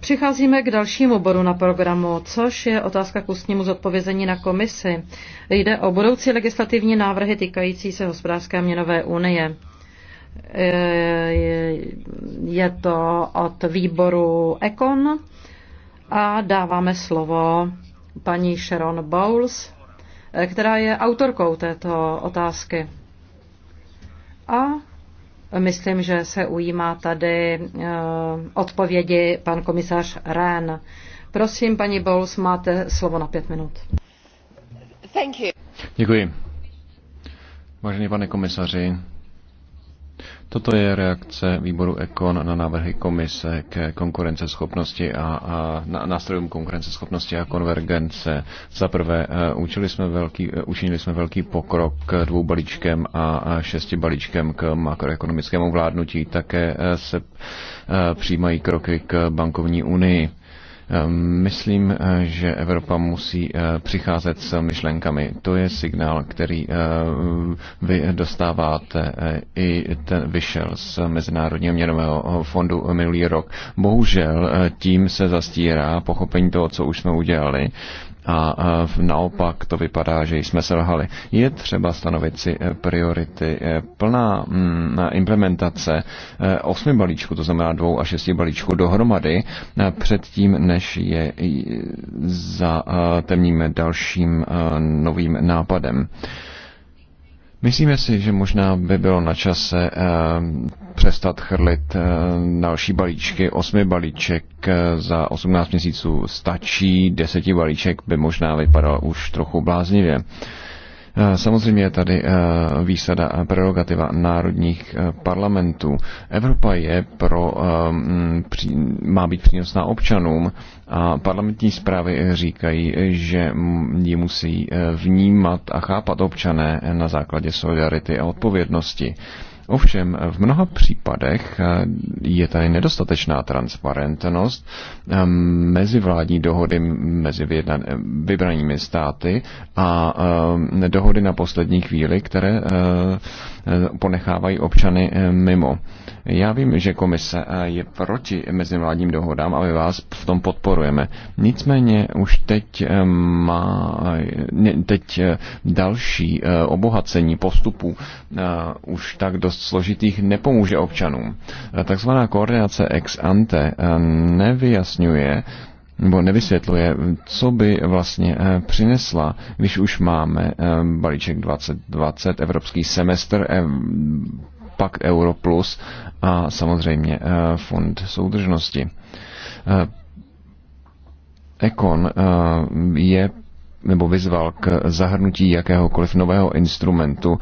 Přicházíme k dalšímu bodu na programu, což je otázka k ústnímu zodpovězení na komisi. Jde o budoucí legislativní návrhy týkající se hospodářské měnové unie. E, je to od výboru Econ a dáváme slovo paní Sharon Bowles, e, která je autorkou této otázky. A Myslím, že se ujímá tady eh, odpovědi pan komisař Rén. Prosím, paní Bowles, máte slovo na pět minut. Thank you. Děkuji. Vážený pane komisaři, Toto je reakce výboru Ekon na návrhy komise k konkurenceschopnosti a, a na, nástrojům konkurenceschopnosti a konvergence. Za prvé, e, učili jsme velký, e, učinili jsme velký pokrok dvou balíčkem a šesti balíčkem k makroekonomickému vládnutí. Také e, se přijímají kroky k bankovní unii. Ehm, myslím, eh, že Evropa musí eh, přicházet s myšlenkami. To je signál, který eh, vy dostáváte. I ten vyšel z Mezinárodního měnového fondu minulý rok. Bohužel tím se zastírá pochopení toho, co už jsme udělali a naopak to vypadá, že jsme selhali. Je třeba stanovit si eh, priority. Eh, plná mm, eh, implementace osmi balíčků, to znamená dvou a šesti balíčků dohromady, předtím, než je zatemníme dalším novým nápadem. Myslíme si, že možná by bylo na čase eh, přestat chrlit eh, další balíčky. Osmi balíček eh, za 18 měsíců stačí, deseti balíček by možná vypadal už trochu bláznivě. Eh, samozřejmě je tady eh, výsada a prerogativa národních eh, parlamentů. Evropa je pro, má být přínosná občanům a parlamentní zprávy říkají, že ji musí vnímat a chápat občané na základě solidarity a odpovědnosti. Ovšem, v mnoha případech eh, je tady nedostatečná transparentnost eh, mezi vládní dohody mezi vybranými státy a eh, dohody na poslední chvíli, které ponechávají občany mimo. Já vím, že komise je proti mezivládním dohodám a my vás v tom podporujeme. Nicméně už teď má teď další obohacení postupů už tak dost dost složitých nepomůže občanům. Eh, takzvaná koordinace ex ante eh, nevyjasňuje nebo nevysvětluje, co by vlastně eh, přinesla, když už máme balíček 2020, evropský semestr, pak Euro plus a samozřejmě fond soudržnosti. Ekon je nebo vyzval k zahrnutí jakéhokoliv nového instrumentu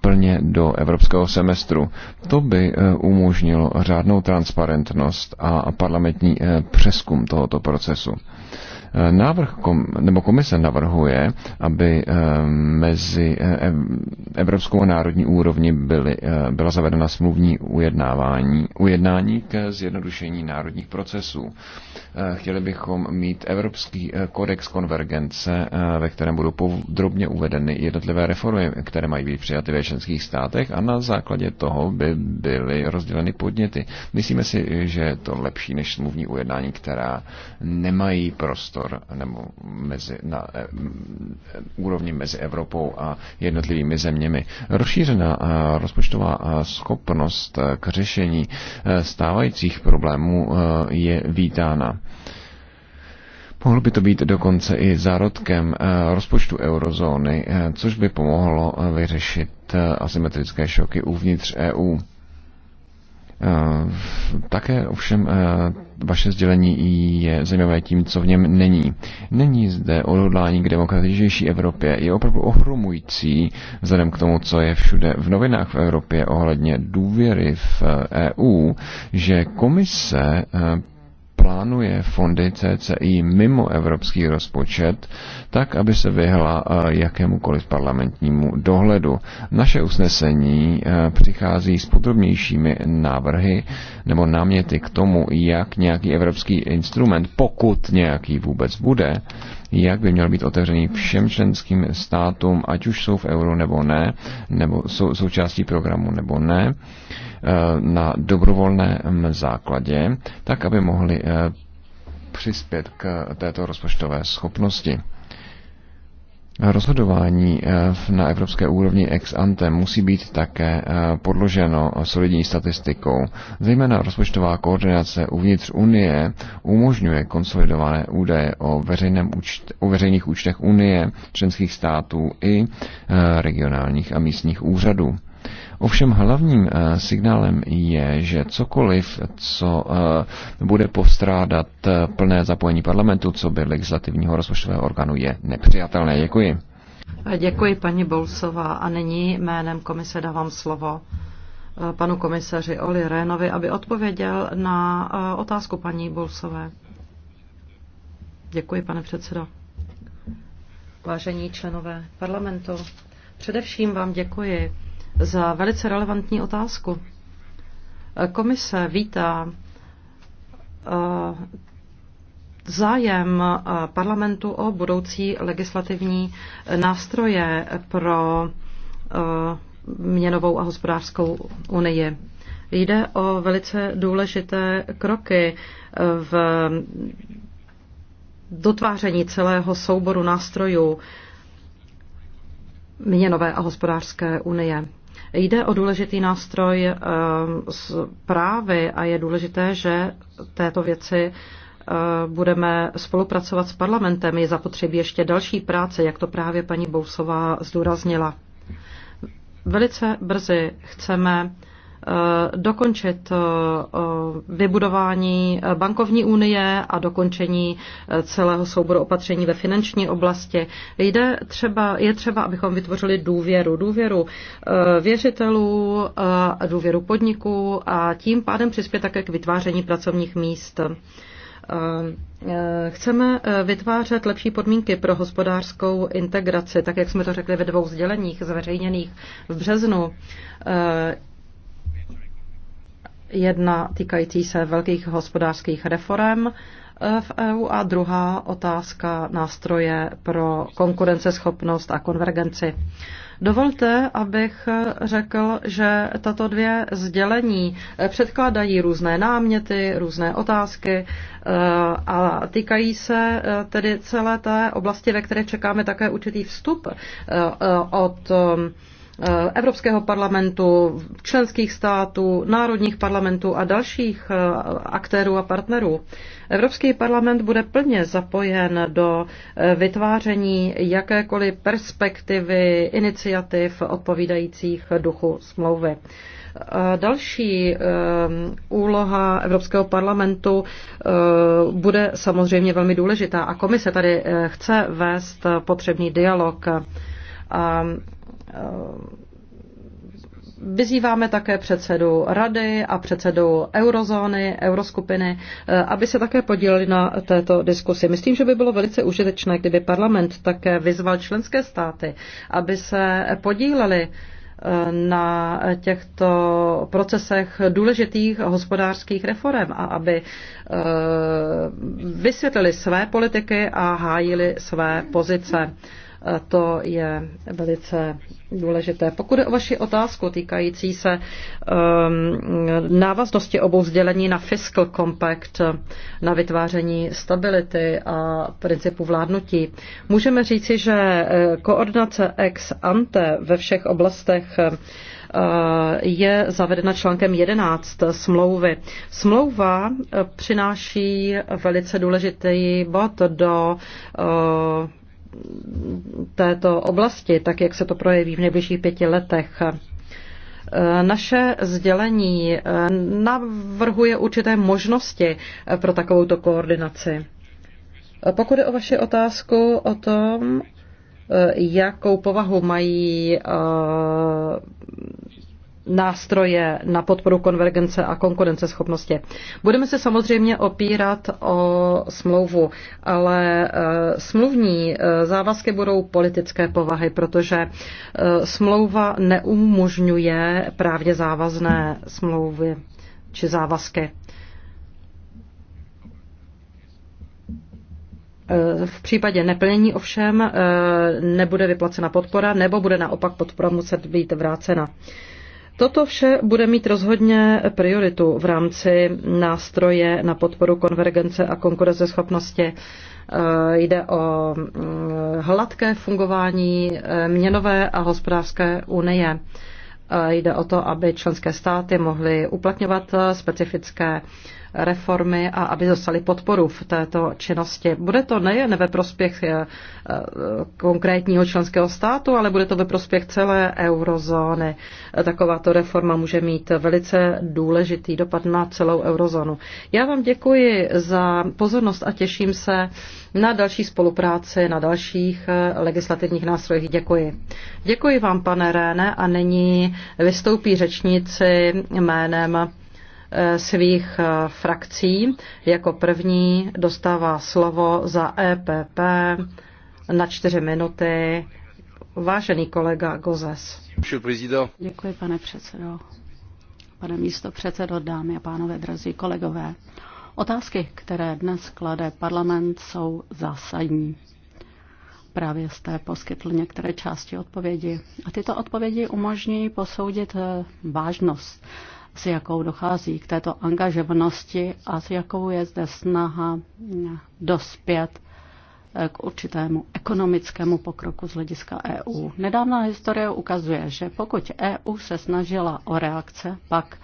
plně do evropského semestru. To by eh, umožnilo řádnou transparentnost a parlamentní eh, přeskum tohoto procesu. Návrh kom, nebo komise navrhuje, aby eh, mezi eh, evropskou a národní úrovni byly, eh, byla zavedena smluvní ujednávání, ujednání k zjednodušení národních procesů. Chtěli bychom mít Evropský kodex konvergence, ve kterém budou podrobně uvedeny jednotlivé reformy, které mají být přijaty ve členských státech a na základě toho by byly rozděleny podněty. Myslíme si, že je to lepší než smluvní ujednání, která nemají prostor prostor nebo mezi, na e, úrovni mezi Evropou a jednotlivými zeměmi. Rozšířená eh, rozpočtová eh, schopnost k řešení stávajících problémů je vítána. Mohlo by to být dokonce i zárodkem rozpočtu eurozóny, což by pomohlo vyřešit asymetrické šoky uvnitř EU. Eh, také ovšem eh, vaše sdělení je zajímavé tím, co v něm není. Není zde odhodlání k demokratičnější Evropě. Je opravdu ohromující vzhledem k tomu, co je všude v novinách v Evropě ohledně důvěry v EU, eh, e že komise plánuje fondy CCI mimo evropský rozpočet, tak aby se vyhla eh, jakémukoliv parlamentnímu dohledu. Naše usnesení eh, přichází s podrobnějšími návrhy nebo náměty k tomu, jak nějaký evropský instrument, pokud nějaký vůbec bude, jak by měl být otevřený všem členským státům, ať už jsou v euro nebo ne, nebo jsou součástí programu nebo ne, eh, na dobrovolném základě, tak aby mohli eh, přispět k této rozpočtové schopnosti. Rozhodování eh, na evropské úrovni ex ante musí být také eh, podloženo solidní statistikou. Zejména rozpočtová koordinace uvnitř Unie umožňuje konsolidované údaje o, veřejném účt, o veřejných účtech Unie, členských států i eh, regionálních a místních úřadů. Ovšem hlavním eh, signálem je, že cokoliv, co eh, bude postrádat eh, plné zapojení parlamentu, co by legislativního rozpočtového orgánu, je nepřijatelné. Děkuji. Děkuji paní Bolsová a nyní jménem komise dávám slovo panu komisaři Oli Rénovi, aby odpověděl na otázku paní Bolsové. Děkuji, pane předsedo. Vážení členové parlamentu, především vám děkuji za velice relevantní otázku. Komise vítá eh, zájem eh, parlamentu o budoucí legislativní nástroje pro eh, měnovou a hospodářskou unii. Jde o velice důležité kroky v dotváření celého souboru nástrojů měnové a hospodářské unie. Jde o důležitý nástroj eh, právy a je důležité, že této věci eh, budeme spolupracovat s parlamentem. Je zapotřebí ještě další práce, jak to právě paní Bousová zdůraznila. Velice brzy chceme Eh, dokončit eh, vybudování bankovní unie a dokončení eh, celého souboru opatření ve finanční oblasti. Jde třeba, je třeba, abychom vytvořili důvěru. Důvěru věřitelů, důvěru podniků a tím pádem přispět také k vytváření pracovních míst. Chceme vytvářet lepší podmínky pro hospodářskou integraci, tak jak jsme to řekli ve dvou sděleních zveřejněných v březnu. Jedna týkající se velkých hospodářských reform e, v EU a druhá otázka nástroje pro konkurenceschopnost a konvergenci. Dovolte, abych řekl, že tato dvě sdělení e, předkládají různé náměty, různé otázky e, a týkají se tedy celé té oblasti, ve které čekáme také určitý vstup od Eh, Evropského parlamentu, členských států, národních parlamentů a dalších eh, aktérů a partnerů. Evropský parlament bude plně zapojen do eh, vytváření jakékoliv perspektivy, iniciativ odpovídajících duchu smlouvy. Další úloha Evropského parlamentu bude samozřejmě velmi důležitá a komise tady chce vést potřebný dialog. A Vyzýváme také předsedu rady a předsedu eurozóny, euroskupiny, eh, aby se také podíleli na této diskusi. Myslím, že by bylo velice užitečné, kdyby parlament také vyzval členské státy, aby se podíleli eh, na těchto procesech důležitých hospodářských reform a aby eh, vysvětlili své politiky a hájili své pozice. To je velice důležité. Pokud je o vaši otázku týkající se um, návaznosti obou sdělení na fiscal compact, na vytváření stability a principu vládnutí, můžeme říci, že eh, koordinace ex ante ve všech oblastech eh, je zavedena článkem 11 smlouvy. Smlouva eh, přináší velice důležitý bod do této oblasti, tak jak se to projeví v nejbližších pěti letech. Naše sdělení navrhuje určité možnosti pro takovouto koordinaci. Pokud je o vaši otázku o tom, jakou povahu mají nástroje na podporu konvergence a konkurenceschopnosti. Budeme se samozřejmě opírat o smlouvu, ale eh, smluvní eh, závazky budou politické povahy, protože eh, smlouva neumožňuje právě závazné smlouvy či závazky. V případě neplnění ovšem nebude vyplacena podpora nebo bude naopak podpora muset být vrácena. Toto vše bude mít rozhodně prioritu v rámci nástroje na podporu konvergence a konkurenceschopnosti. Eh, jde o eh, hladké fungování eh, měnové a hospodářské unie. Jde o to, aby členské státy mohly uplatňovat specifické reformy a aby dostali podporu v této činnosti. Bude to nejen ve prospěch eh, eh, konkrétního členského státu, ale bude to ve prospěch celé eurozóny. Takováto reforma může mít velice důležitý dopad na celou eurozónu. Já vám děkuji za pozornost a těším se na další spolupráci, na dalších eh, legislativních nástrojích. Děkuji. Děkuji vám, pane Réne, a nyní vystoupí řečníci jménem svých eh, frakcí. Jako první dostává slovo za EPP na čtyři minuty vážený kolega Gozes. Děkuji, pane předsedo. Pane místo předsedo, dámy a pánové, drazí kolegové. Otázky, které dnes klade parlament, jsou zásadní. Právě jste poskytl některé části odpovědi. A tyto odpovědi umožní posoudit eh, vážnost s jakou dochází k této angažovanosti a s jakou je zde snaha dospět eh, k určitému ekonomickému pokroku z hlediska EU. Nedávná historie ukazuje, že pokud EU se snažila o reakce, pak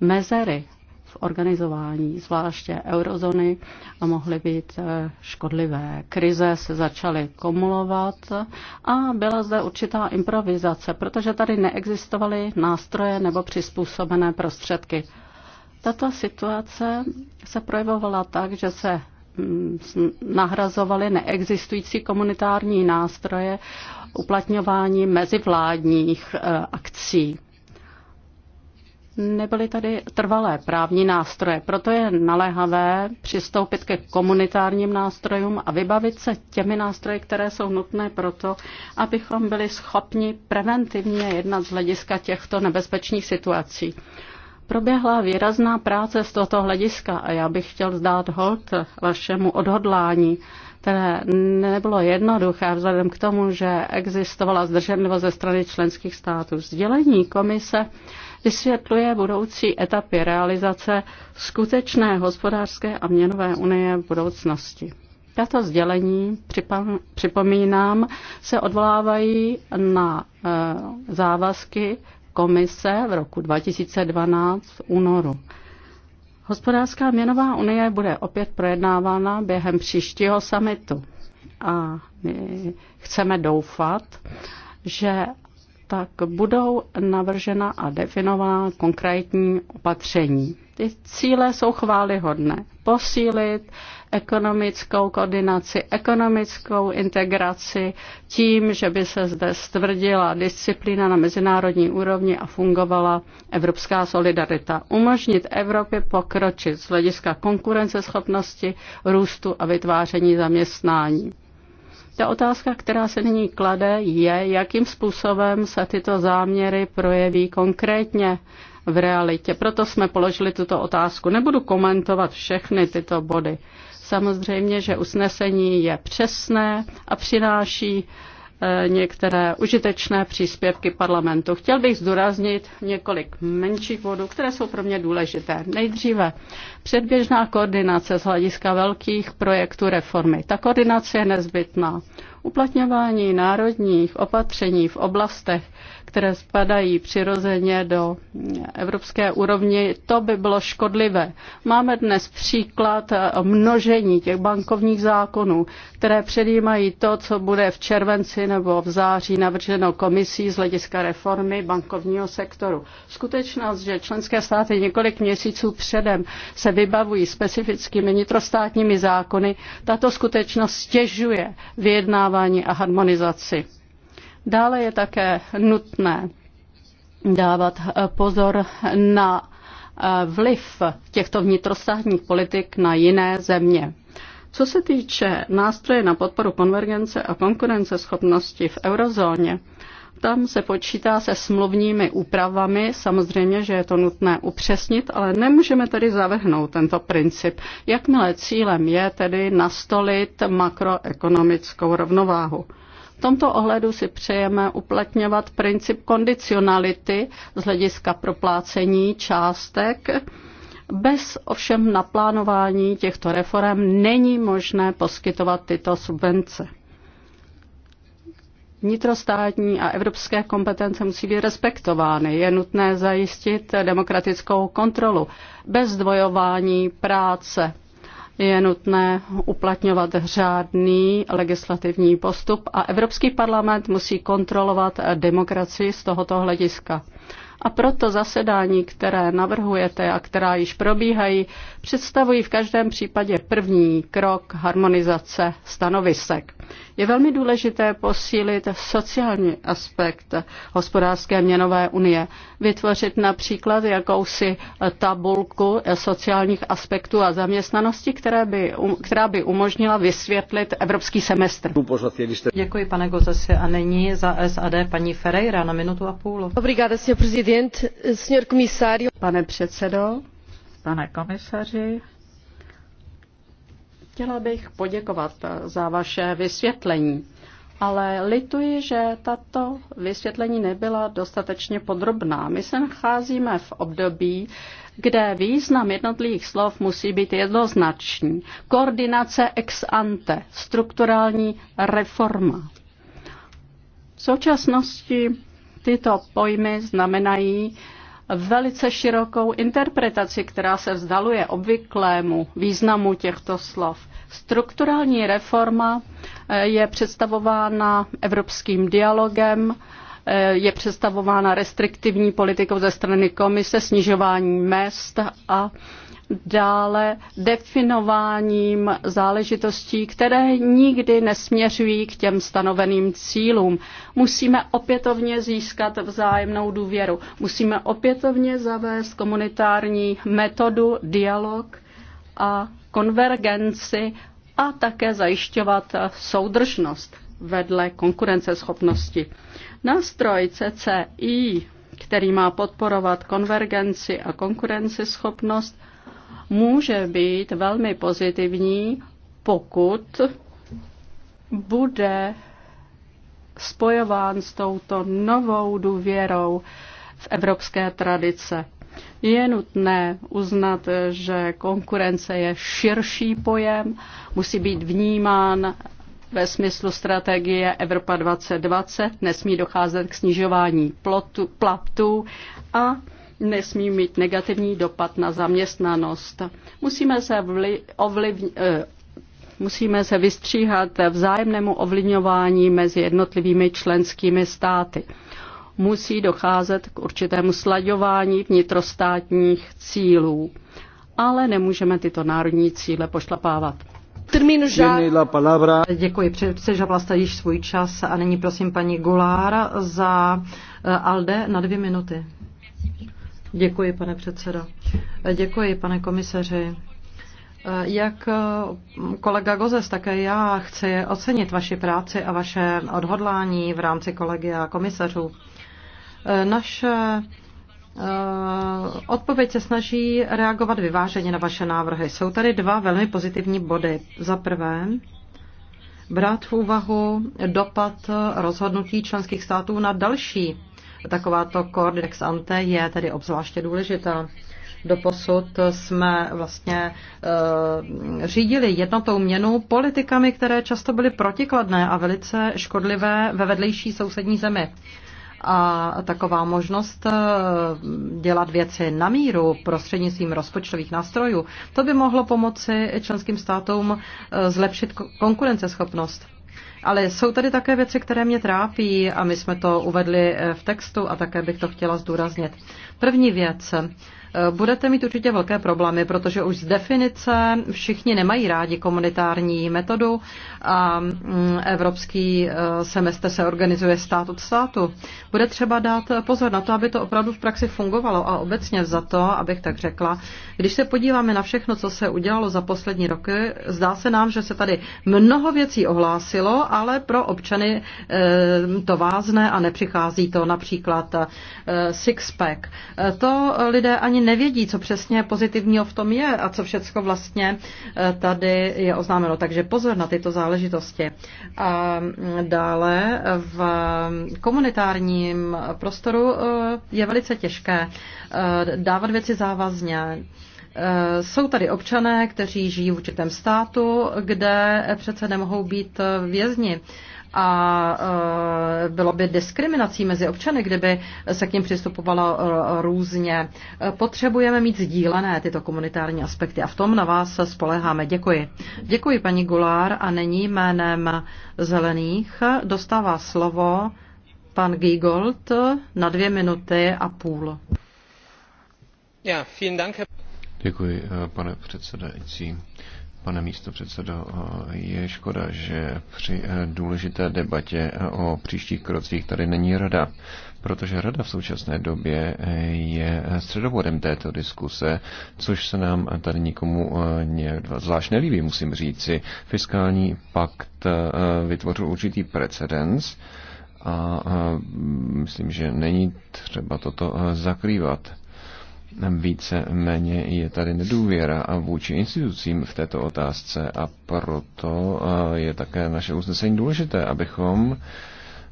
mezery v organizování, zvláště eurozóny, a mohly být eh, škodlivé. Krize se začaly kumulovat a byla zde určitá improvizace, protože tady neexistovaly nástroje nebo přizpůsobené prostředky. Tato situace se projevovala tak, že se mm, nahrazovaly neexistující komunitární nástroje uplatňování mezivládních eh, akcí. Nebyly tady trvalé právní nástroje, proto je naléhavé přistoupit ke komunitárním nástrojům a vybavit se těmi nástroji, které jsou nutné proto, abychom byli schopni preventivně jednat z hlediska těchto nebezpečných situací. Proběhla výrazná práce z tohoto hlediska a já bych chtěl zdát hold vašemu odhodlání, které nebylo jednoduché vzhledem k tomu, že existovala zdrženlivost ze strany členských států. Sdělení komise vysvětluje budoucí etapy realizace skutečné hospodářské a měnové unie v budoucnosti. Tato sdělení, připomínám, se odvolávají na e, závazky komise v roku 2012 v únoru. Hospodářská měnová unie bude opět projednávána během příštího samitu. A my chceme doufat, že tak budou navržena a definována konkrétní opatření. Ty cíle jsou chválihodné. Posílit ekonomickou koordinaci, ekonomickou integraci tím, že by se zde stvrdila disciplína na mezinárodní úrovni a fungovala evropská solidarita. Umožnit Evropě pokročit z hlediska konkurenceschopnosti, růstu a vytváření zaměstnání. Ta otázka, která se nyní klade, je, jakým způsobem se tyto záměry projeví konkrétně v realitě. Proto jsme položili tuto otázku. Nebudu komentovat všechny tyto body. Samozřejmě, že usnesení je přesné a přináší Eh, některé užitečné příspěvky parlamentu. Chtěl bych zdůraznit několik menších bodů, které jsou pro mě důležité. Nejdříve předběžná koordinace z hlediska velkých projektů reformy. Ta koordinace je nezbytná. Uplatňování národních opatření v oblastech, které spadají přirozeně do evropské úrovně, to by bylo škodlivé. Máme dnes příklad množení těch bankovních zákonů, které předjímají to, co bude v červenci nebo v září navrženo komisí z hlediska reformy bankovního sektoru. Skutečnost, že členské státy několik měsíců předem se vybavují specifickými nitrostátními zákony, tato skutečnost stěžuje vyjednávání vyjednávání a harmonizaci. Dále je také nutné dávat eh, pozor na eh, vliv těchto vnitrostátních politik na jiné země. Co se týče nástroje na podporu konvergence a konkurenceschopnosti v eurozóně, tam se počítá se smluvními úpravami, samozřejmě, že je to nutné upřesnit, ale nemůžeme tedy zavrhnout tento princip. Jakmile cílem je tedy nastolit makroekonomickou rovnováhu. V tomto ohledu si přejeme uplatňovat princip kondicionality z hlediska proplácení částek. Bez ovšem naplánování těchto reform není možné poskytovat tyto subvence. Vnitrostátní a evropské kompetence musí být respektovány. Je nutné zajistit demokratickou kontrolu bez zdvojování práce. Je nutné uplatňovat řádný legislativní postup a Evropský parlament musí kontrolovat demokracii z tohoto hlediska. A proto zasedání, které navrhujete a která již probíhají, představují v každém případě první krok harmonizace stanovisek. Je velmi důležité posílit sociální aspekt hospodářské měnové unie, vytvořit například jakousi tabulku sociálních aspektů a zaměstnanosti, které by, která by umožnila vysvětlit evropský semestr. Děkuji, pane Gozesi. A není za SAD paní Ferreira na minutu a půl. Obrigada, senhor Pane předsedo, pane komisaři, chtěla bych poděkovat za vaše vysvětlení, ale lituji, že tato vysvětlení nebyla dostatečně podrobná. My se nacházíme v období, kde význam jednotlivých slov musí být jednoznačný. Koordinace ex ante, strukturální reforma. V současnosti tyto pojmy znamenají velice širokou interpretaci, která se vzdaluje obvyklému významu těchto slov. Strukturální reforma eh, je představována evropským dialogem, eh, je představována restriktivní politikou ze strany komise, snižování mest a dále definováním záležitostí, které nikdy nesměřují k těm stanoveným cílům. Musíme opětovně získat vzájemnou důvěru. Musíme opětovně zavést komunitární metodu, dialog a konvergenci a také zajišťovat soudržnost vedle konkurenceschopnosti. Nástroj CCI, který má podporovat konvergenci a konkurenceschopnost, může být velmi pozitivní, pokud bude spojován s touto novou důvěrou v evropské tradice. Je nutné uznat, že konkurence je širší pojem, musí být vnímán ve smyslu strategie Evropa 2020, nesmí docházet k snižování platů a nesmí mít negativní dopad na zaměstnanost. Musíme se, vli, ovliv, eh, musíme se vystříhat vzájemnému ovlivňování mezi jednotlivými členskými státy. Musí docházet k určitému slaďování vnitrostátních cílů. Ale nemůžeme tyto národní cíle pošlapávat. Termín žá... Děkuji, přežavla jste již svůj čas a nyní prosím paní Gulára za eh, ALDE na dvě minuty. Děkuji, pane předsedo. Děkuji, pane komisaři. Jak kolega Gozes, také já chci ocenit vaši práci a vaše odhodlání v rámci kolegia komisařů. Naše eh, Odpověď se snaží reagovat vyváženě na vaše návrhy. Jsou tady dva velmi pozitivní body. Za prvé, brát v úvahu dopad rozhodnutí členských států na další Takováto koordinex ante je tedy obzvláště důležitá. Doposud jsme vlastně uh, řídili jednotou měnu politikami, které často byly protikladné a velice škodlivé ve vedlejší sousední zemi. A taková možnost eh, dělat věci na míru prostřednictvím rozpočtových nástrojů, to by mohlo pomoci členským státům eh, zlepšit konkurenceschopnost. Ale jsou tady také věci, které mě trápí a my jsme to uvedli eh, v textu a také bych to chtěla zdůraznit. První věc. Eh, budete mít určitě velké problémy, protože už z definice všichni nemají rádi komunitární metodu a mm, evropský eh, semestr se organizuje stát od státu. Bude třeba dát pozor na to, aby to opravdu v praxi fungovalo a obecně za to, abych tak řekla, když se podíváme na všechno, co se udělalo za poslední roky, zdá se nám, že se tady mnoho věcí ohlásilo, ale pro občany eh, to vázne a nepřichází to například six-pack. To lidé ani ani nevědí, co přesně pozitivního v tom je a co všecko vlastně eh, tady je oznámeno. Takže pozor na tyto záležitosti. A mm, dále v komunitárním prostoru eh, je velice těžké eh, dávat věci závazně. Jsou tady občané, kteří žijí v určitém státu, kde přece nemohou být vězni a e, bylo by diskriminací mezi občany, kdyby se k ním přistupovalo e, různě. Potřebujeme mít sdílené tyto komunitární aspekty a v tom na vás spoleháme. Děkuji. Děkuji paní Gulár a nyní jménem Zelených dostává slovo pan Giegold na dvě minuty a půl. Děkuji, e, pane předsedající pane místo předsedo. Je škoda, že při eh, důležité debatě eh, o příštích krocích tady není rada, protože rada v současné době eh, je středovodem této diskuse, což se nám tady nikomu nějak zvlášť nelíbí, musím říci. Fiskální pakt vytvořil určitý precedens a myslím, že není třeba toto zakrývat více méně je tady nedůvěra a vůči institucím v této otázce a proto eh, je také naše usnesení důležité, abychom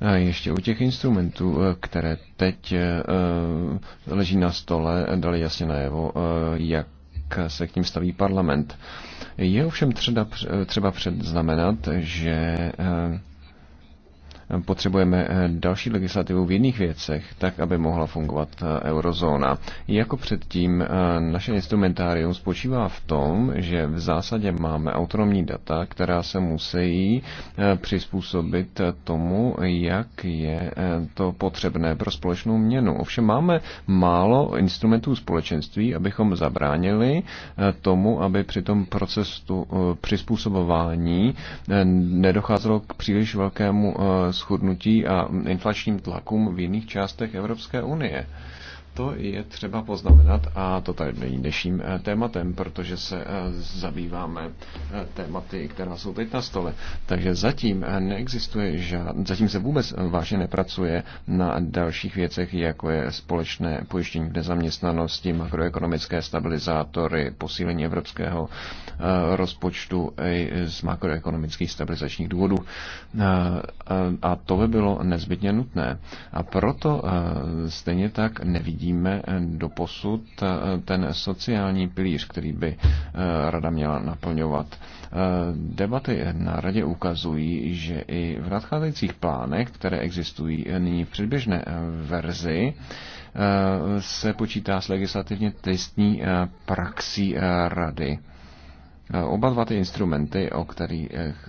eh, ještě u těch instrumentů, eh, které teď leží na stole, dali jasně najevo, jak se k ním staví parlament. Je ovšem třeba, třeba předznamenat, že potřebujeme eh, další legislativu v jiných věcech, tak aby mohla fungovat eh, eurozóna. Jako předtím, eh, naše instrumentárium spočívá v tom, že v zásadě máme autonomní data, která se musí přizpůsobit tomu, jak je to potřebné pro společnou měnu. Ovšem máme málo instrumentů společenství, abychom zabránili tomu, aby při tom procesu přizpůsobování nedocházelo k příliš velkému schudnutí a inflačním tlakům v jiných částech Evropské unie to je třeba poznamenat a to tady není dnešním eh, tématem, protože se eh, zabýváme eh, tématy, která jsou teď na stole. Takže zatím neexistuje žád, zatím se vůbec vážně nepracuje na dalších věcech, jako je společné pojištění v nezaměstnanosti, makroekonomické stabilizátory, posílení evropského rozpočtu i z makroekonomických stabilizačních důvodů. A to by bylo nezbytně nutné. A proto stejně tak nevidí vidíme do posud eh, ten sociální pilíř, který by eh, rada měla naplňovat. Eh, debaty na radě ukazují, že i v nadcházejících plánech, které existují nyní v předběžné verzi, se počítá s legislativně testní praxí rady. Oba dva ty instrumenty, o kterých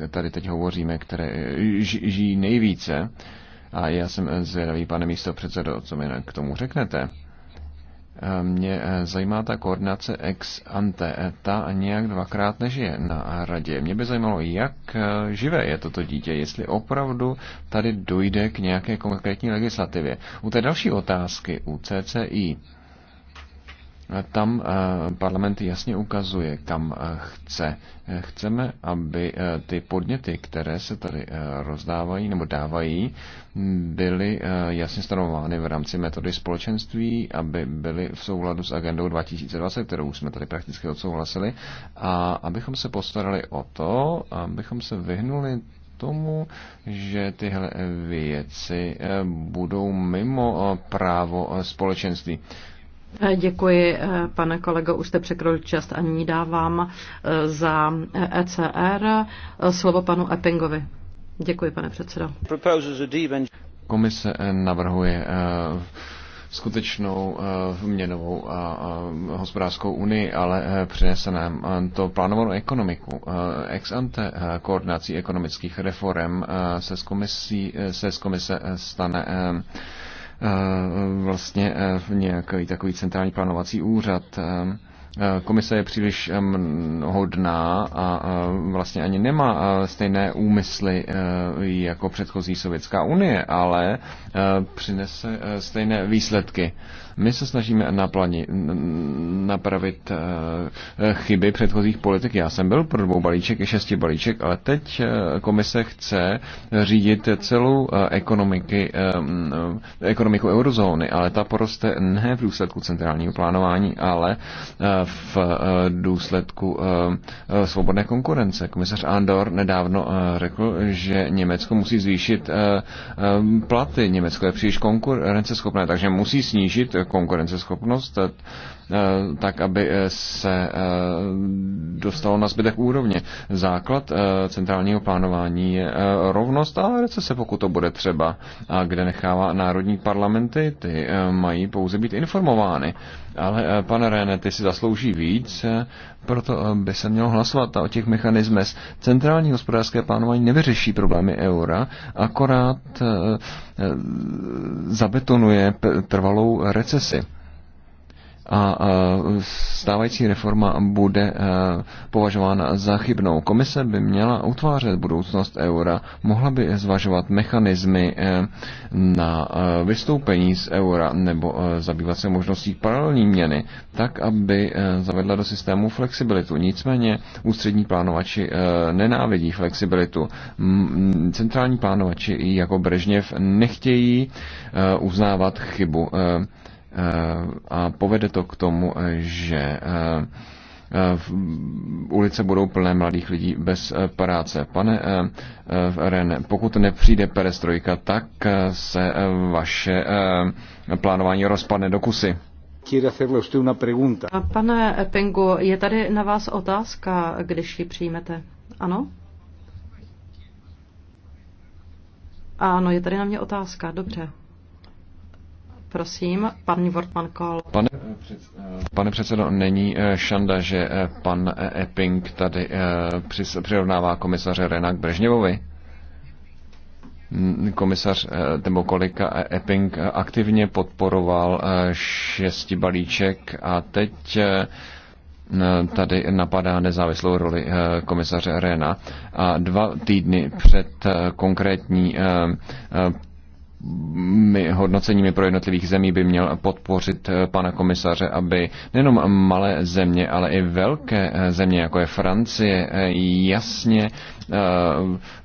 tady teď hovoříme, které žijí nejvíce, a já jsem zvědavý, pane místo předsedo, co mi k tomu řeknete, mě eh, zajímá ta koordinace ex ante. Eh, ta nějak dvakrát než je na radě. Mě by zajímalo, jak eh, živé je toto dítě, jestli opravdu tady dojde k nějaké konkrétní legislativě. U té další otázky, u CCI, tam eh, parlament jasně ukazuje, kam eh, chce. Eh, chceme, aby ty podněty, které se tady rozdávají nebo dávají, byly jasně stanovovány v rámci metody společenství, aby byly v souladu s agendou 2020, kterou jsme tady prakticky odsouhlasili, a abychom se postarali o to, abychom se vyhnuli tomu, že tyhle věci budou mimo právo společenství. Eh, děkuji, eh, pane kolego, už jste překročil čas a nyní dávám eh, za ECR e slovo panu Eppingovi. Děkuji, pane předsedo. Komise navrhuje skutečnou měnovou a hospodářskou unii, ale přinese nám to plánovanou ekonomiku. Ex ante koordinací ekonomických reform se z, komisí, se z komise stane Eh, vlastně eh, nějaký takový centrální plánovací úřad. Eh, komise je příliš hodná a vlastně ani nemá stejné úmysly jako předchozí Sovětská unie, ale přinese stejné výsledky. My se snažíme naplani, napravit eh, chyby předchozích politik. Já jsem byl pro dvou balíček i šesti balíček, ale teď eh, komise chce řídit celou eh, ekonomiky, ekonomiku eurozóny, ale ta poroste ne v důsledku centrálního plánování, ale v důsledku svobodné konkurence. Komisař Andor nedávno řekl, že Německo musí zvýšit platy. Německo je příliš konkurenceschopné, takže musí snížit konkurenceschopnost, Eh, tak aby eh, se eh, dostalo na zbytek úrovně. Základ centrálního plánování je rovnost a recese, pokud to bude třeba. A kde nechává národní parlamenty, ty mají pouze být informovány. Ale pane René, ty si zaslouží víc, proto by se mělo hlasovat o těch mechanismech. Centrální hospodářské plánování nevyřeší problémy eura, akorát zabetonuje trvalou recesi a stávající reforma bude e, považována za chybnou. Komise by měla utvářet budoucnost eura, mohla by zvažovat mechanismy e, na e, vystoupení z eura nebo zabývat se možností paralelní měny, tak, aby zavedla do systému flexibilitu. Nicméně ústřední plánovači nenávidí flexibilitu. Centrální plánovači jako Brežněv nechtějí uznávat chybu Eh, a povede to k tomu, eh, že eh, v ulice budou plné mladých lidí bez práce. Pane Ren, pokud nepřijde perestrojka, tak se vaše plánování rozpadne do kusy. Pane Pengu, je tady na vás otázka, když ji přijmete. Ano? Ano, je tady na mě otázka, dobře. Prosím, pan Wortmann Kohl. Pane, pane předsedo, není eh, šanda, že eh, pan eh, Epping tady přirovnává komisaře Rena k Brežněvovi? komisař nebo kolika Epping aktivně podporoval šesti balíček a teď tady napadá nezávislou roli komisaře Rena a dva týdny před konkrétní hodnoceními pro jednotlivých zemí by měl podpořit eh, pana komisaře, aby nejenom malé země, ale i velké eh, země, jako je Francie, eh, jasně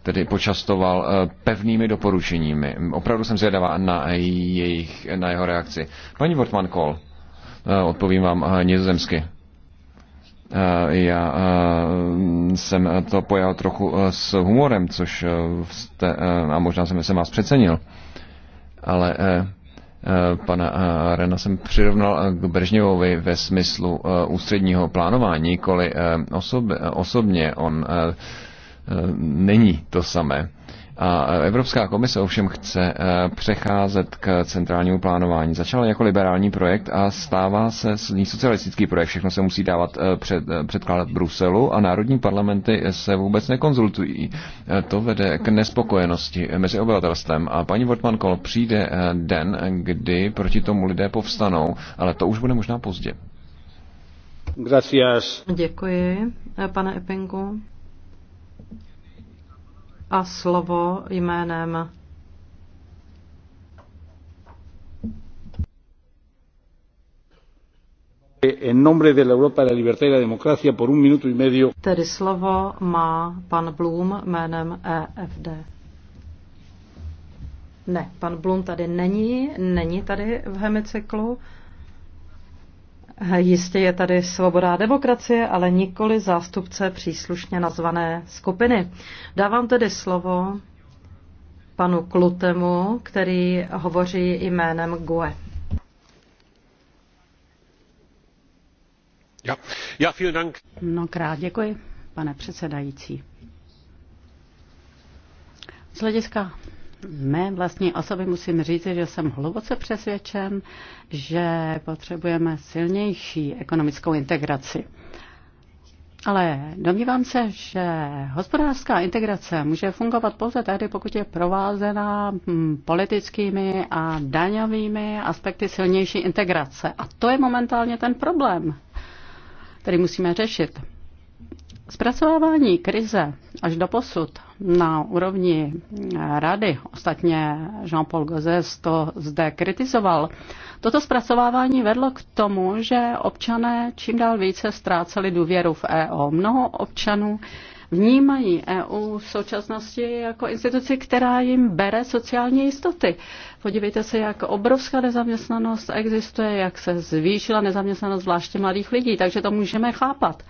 tedy počastoval pevnými doporučeními. Opravdu jsem zvědavá na, jejich, na jeho reakci. Paní Wortmann Kohl, odpovím vám nizozemsky. Já jsem to pojal trochu s humorem, což jste, a možná jsem se vás přecenil ale eh, eh, pana eh, Rena jsem přirovnal k Brežněvovi ve smyslu ústředního plánování, koli osobně on není to samé. A Evropská komise ovšem chce eh, přecházet k centrálnímu plánování. Začal jako liberální projekt a stává se z ní socialistický projekt. Všechno se musí dávat eh, před, eh, předkládat Bruselu a národní parlamenty se vůbec nekonzultují. To vede k nespokojenosti mezi obyvatelstvem. A paní Wortmann Kol přijde den, kdy proti tomu lidé povstanou, ale to už bude možná pozdě. Gracias. Děkuji, pane Epingu a slovo jménem en nombre de la Europa de la Libertad y la Democracia por un minuto y medio. Tedy slovo má pan Blum jménem EFD. Ne, pan Blum tady není, není tady v hemiciklu. Jistě je tady svoboda a demokracie, ale nikoli zástupce příslušně nazvané skupiny. Dávám tedy slovo panu Klutemu, který hovoří jménem GUE. Ja, ja, vielen Dank. Mnohokrát děkuji, pane předsedající. Z hlediska mé vlastní osoby musím říct, že jsem hluboce přesvědčen, že potřebujeme silnější ekonomickou integraci. Ale domnívám se, že hospodářská integrace může fungovat pouze tehdy, pokud je provázená hm, politickými a daňovými aspekty silnější integrace. A to je momentálně ten problém, který musíme řešit. Zpracovávání krize až do posud na úrovni eh, rady, ostatně Jean-Paul Gozes to zde kritizoval, toto zpracovávání vedlo k tomu, že občané čím dál více ztráceli důvěru v EU. Mnoho občanů vnímají EU v současnosti jako instituci, která jim bere sociální jistoty. Podívejte se, jak obrovská nezaměstnanost existuje, jak se zvýšila nezaměstnanost zvláště mladých lidí, takže to můžeme chápat.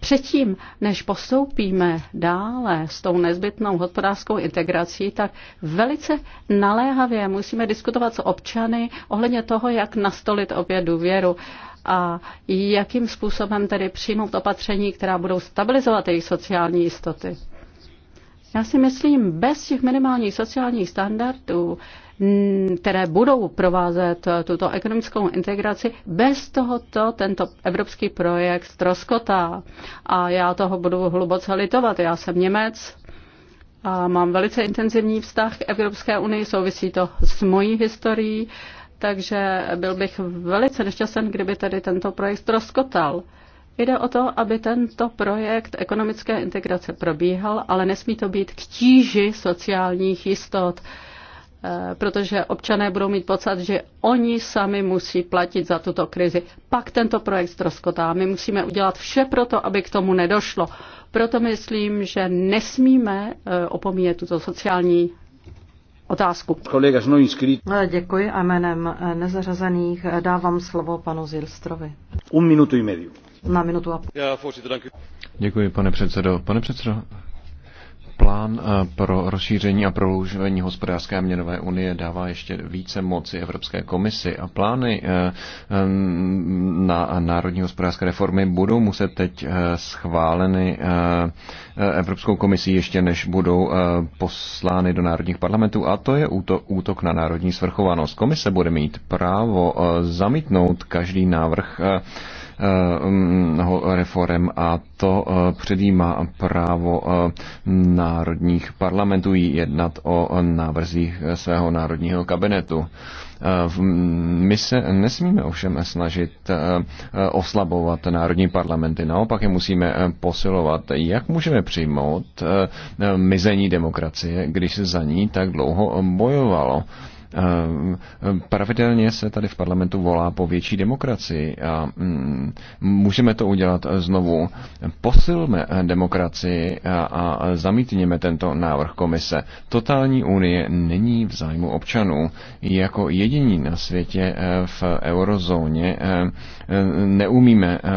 Předtím, než postoupíme dále s tou nezbytnou hospodářskou integrací, tak velice naléhavě musíme diskutovat s občany ohledně toho, jak nastolit opět důvěru a jakým způsobem tedy přijmout opatření, která budou stabilizovat jejich sociální jistoty. Já si myslím, bez těch minimálních sociálních standardů které budou provázet tuto ekonomickou integraci. Bez tohoto tento evropský projekt troskotá. A já toho budu hluboce litovat. Já jsem Němec, a mám velice intenzivní vztah k Evropské unii, souvisí to s mojí historií, takže byl bych velice nešťastný, kdyby tady tento projekt rozkotal. Jde o to, aby tento projekt ekonomické integrace probíhal, ale nesmí to být k tíži sociálních jistot. Eh, protože občané budou mít pocit, že oni sami musí platit za tuto krizi. Pak tento projekt ztroskotá. My musíme udělat vše pro to, aby k tomu nedošlo. Proto myslím, že nesmíme eh, opomíjet tuto sociální otázku. Kolega Znojinský. Eh, děkuji a jménem nezařazených dávám slovo panu Zilstrovi. Un minutu i mediu. Na minutu a Děkuji, pane předsedo. Pane předsedo, plán eh, pro rozšíření a prodloužení hospodářské a měnové unie dává ještě více moci Evropské komisi a plány eh, na národní hospodářské reformy budou muset teď eh, schváleny Evropskou komisí ještě než budou poslány do národních parlamentů a to je útok na národní svrchovanost. Komise bude mít právo zamítnout každý návrh Eh, reform a to eh, předjímá právo eh, národních parlamentů jednat o návrzích svého národního kabinetu. My se nesmíme ovšem snažit oslabovat národní parlamenty, naopak je musíme posilovat. Jak můžeme přijmout mizení demokracie, když se za ní tak dlouho bojovalo? Ehm, pravidelně se tady v parlamentu volá po větší demokracii a mm, můžeme to udělat znovu. Posilme demokracii a zamítněme tento návrh komise. Totální unie není v zájmu občanů. Jako jediní na světě eh, v eurozóně eh, neumíme eh,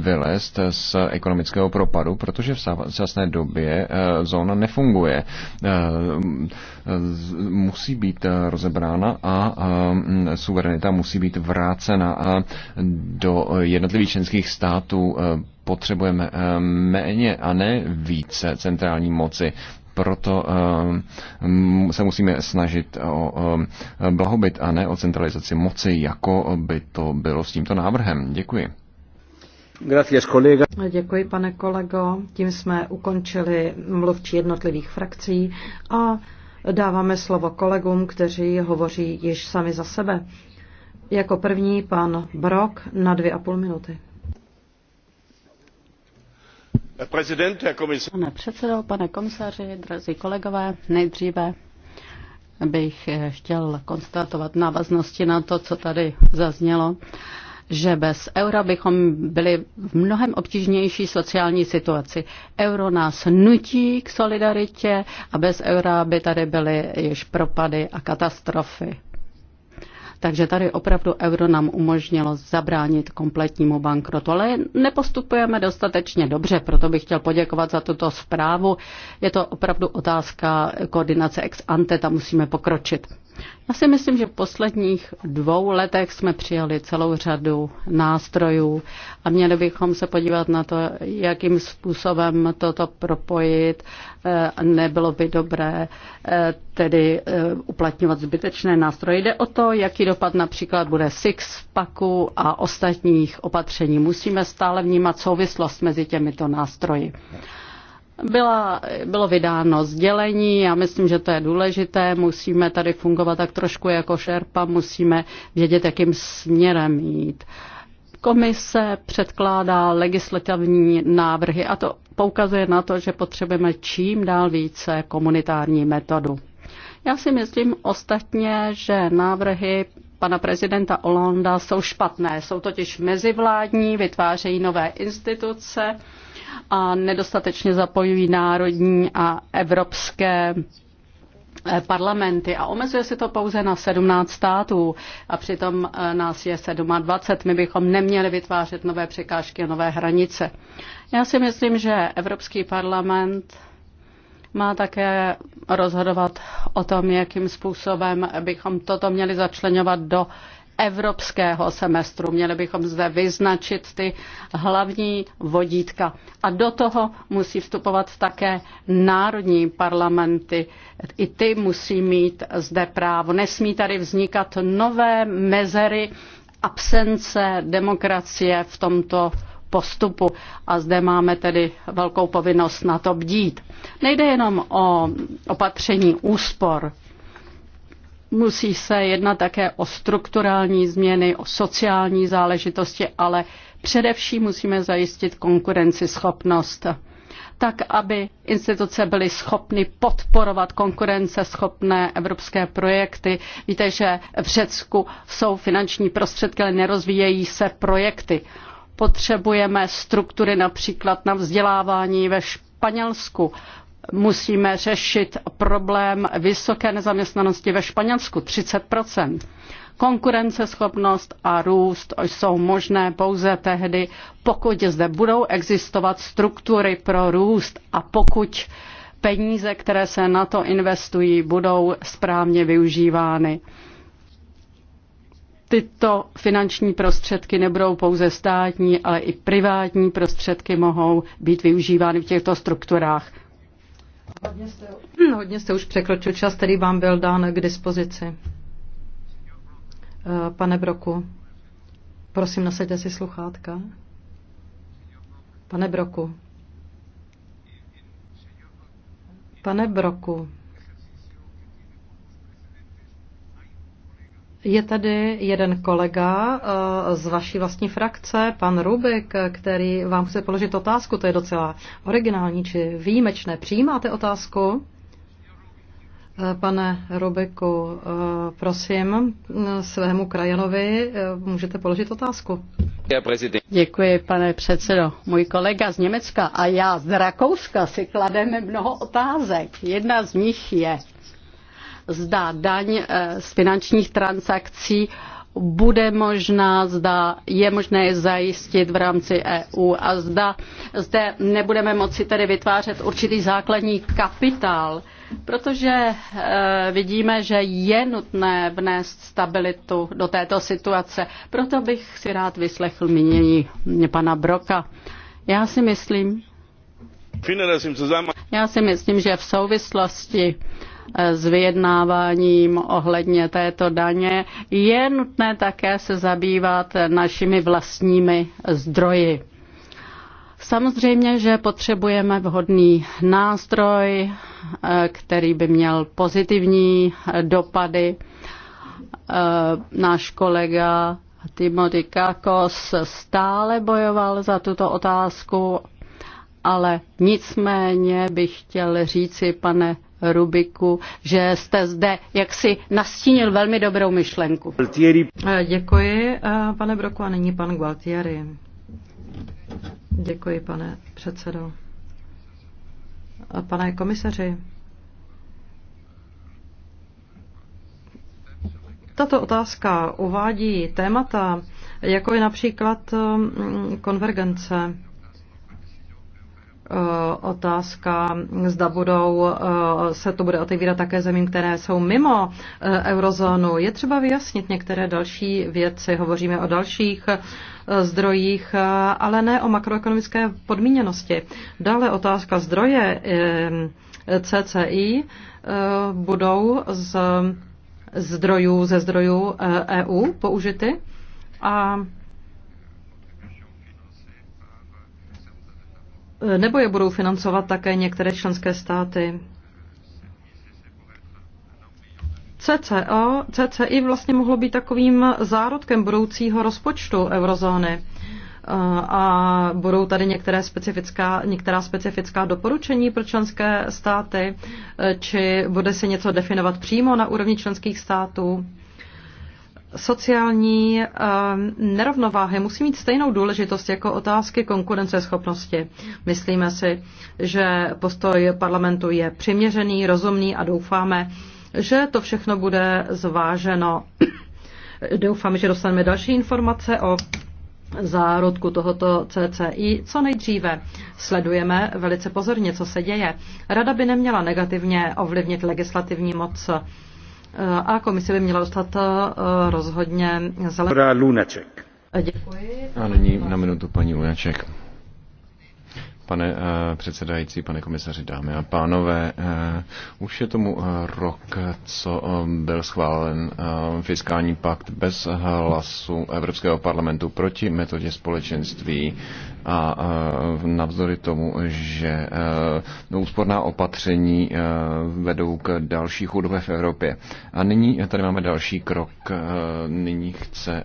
vylézt z ekonomického propadu, protože v současné době eh, zóna nefunguje. Eh, musí být rozebrána a suverenita musí být vrácena do jednotlivých členských států potřebujeme méně a ne více centrální moci proto ehm, se musíme snažit o ehm, blahobyt a ne o centralizaci moci, jako by to bylo s tímto návrhem. Děkuji. Gracias, kolega. Děkuji, pane kolego. Tím jsme ukončili mluvčí jednotlivých frakcí a dáváme slovo kolegům, kteří hovoří již sami za sebe. Jako první pan Brok na dvě a půl minuty. Pane předsedo, pane komisaři, drazí kolegové, nejdříve bych eh, chtěl konstatovat návaznosti na to, co tady zaznělo, že bez eura bychom byli v mnohem obtížnější sociální situaci. Euro nás nutí k solidaritě a bez eura by tady byly již propady a katastrofy. Takže tady opravdu euro nám umožnilo zabránit kompletnímu bankrotu. Ale nepostupujeme dostatečně dobře, proto bych chtěl poděkovat za tuto zprávu. Je to opravdu otázka koordinace ex ante, tam musíme pokročit. Já si myslím, že v posledních dvou letech jsme přijali celou řadu nástrojů a měli bychom se podívat na to, jakým způsobem toto propojit Eh, nebylo by dobré eh, tedy eh, uplatňovat zbytečné nástroje. Jde o to, jaký dopad například bude six paku a ostatních opatření. Musíme stále vnímat souvislost mezi těmito nástroji. Byla, bylo vydáno sdělení, já myslím, že to je důležité, musíme tady fungovat tak trošku jako šerpa, musíme vědět, jakým směrem jít. Komise předkládá legislativní návrhy a to poukazuje na to, že potřebujeme čím dál více komunitární metodu. Já si myslím ostatně, že návrhy pana prezidenta Olanda jsou špatné. Jsou totiž mezivládní, vytvářejí nové instituce a nedostatečně zapojují národní a evropské Eh, parlamenty a omezuje se to pouze na 17 států a přitom eh, nás je 27. My bychom neměli vytvářet nové překážky a nové hranice. Já si myslím, že Evropský parlament má také rozhodovat o tom, jakým způsobem bychom toto měli začlenovat do evropského semestru. Měli bychom zde vyznačit ty hlavní vodítka. A do toho musí vstupovat také národní parlamenty. I ty musí mít zde právo. Nesmí tady vznikat nové mezery absence demokracie v tomto postupu a zde máme tedy velkou povinnost na to bdít. Nejde jenom o opatření úspor, Musí se jednat také o strukturální změny, o sociální záležitosti, ale především musíme zajistit konkurenceschopnost tak, aby instituce byly schopny podporovat konkurenceschopné evropské projekty. Víte, že v Řecku jsou finanční prostředky, ale nerozvíjejí se projekty. Potřebujeme struktury například na vzdělávání ve Španělsku musíme řešit problém vysoké nezaměstnanosti ve Španělsku 30 Konkurenceschopnost a růst jsou možné pouze tehdy, pokud zde budou existovat struktury pro růst a pokud peníze, které se na to investují, budou správně využívány. Tyto finanční prostředky nebudou pouze státní, ale i privátní prostředky mohou být využívány v těchto strukturách. Hodně jste, hm, hodně jste už překročil čas, který vám byl dán k dispozici. Eh, pane Broku, prosím, nasaďte si sluchátka. Pane Broku. Pane Broku. Je tady jeden kolega eh, z vaší vlastní frakce, pan Rubik, který vám chce položit otázku. To je docela originální či výjimečné. Přijímáte otázku? Eh, pane Rubiku, eh, prosím, svému krajanovi můžete položit otázku. Děkuji, pane předsedo. Můj kolega z Německa a já z Rakouska si klademe mnoho otázek. Jedna z nich je, zda daň eh, z finančních transakcí bude možná, zda je možné je zajistit v rámci EU a zda zde nebudeme moci tedy vytvářet určitý základní kapitál, protože eh, vidíme, že je nutné vnést stabilitu do této situace. Proto bych si rád vyslechl mínění pana Broka. Já si myslím, já si myslím, že v souvislosti s vyjednáváním ohledně této daně, je nutné také se zabývat našimi vlastními zdroji. Samozřejmě, že potřebujeme vhodný nástroj, který by měl pozitivní dopady. Náš kolega Timothy Kakos stále bojoval za tuto otázku, ale nicméně bych chtěl říci, pane Rubiku, že jste zde jaksi nastínil velmi dobrou myšlenku. Děkuji, pane Broku, a nyní pan Gualtieri. Děkuji, pane předsedo. A pane komisaři, Tato otázka uvádí témata, jako je například mm, konvergence Eh, otázka, zda budou, eh, se to bude otevírat také zemím, které jsou mimo eh, eurozónu. Je třeba vyjasnit některé další věci. Hovoříme o dalších zdrojích, ale ne o makroekonomické podmíněnosti. Dále otázka zdroje CCI budou z zdrojů, ze zdrojů EU e použity a nebo je budou financovat také některé členské státy. CCO, CCI vlastně mohlo být takovým zárodkem budoucího rozpočtu eurozóny a budou tady některé specifická, některá specifická doporučení pro členské státy, či bude se něco definovat přímo na úrovni členských států sociální eh, nerovnováhy musí mít stejnou důležitost jako otázky konkurenceschopnosti. Myslíme si, že postoj parlamentu je přiměřený, rozumný a doufáme, že to všechno bude zváženo. Doufáme, že dostaneme další informace o zárodku tohoto CCI co nejdříve. Sledujeme velice pozorně, co se děje. Rada by neměla negativně ovlivnit legislativní moc a komise by měla dostat eh, rozhodně Pra Lunaček. Eh, děkuji. A nyní na minutu paní Lunaček. Pane eh, předsedající, pane komisaři, dámy a pánové, už je tomu rok, co byl schválen fiskální pakt bez hlasu Evropského parlamentu proti metodě společenství a navzdory tomu, že e, no, úsporná opatření e, vedou k další chudobě v Evropě. A nyní tady máme další krok. E, nyní chce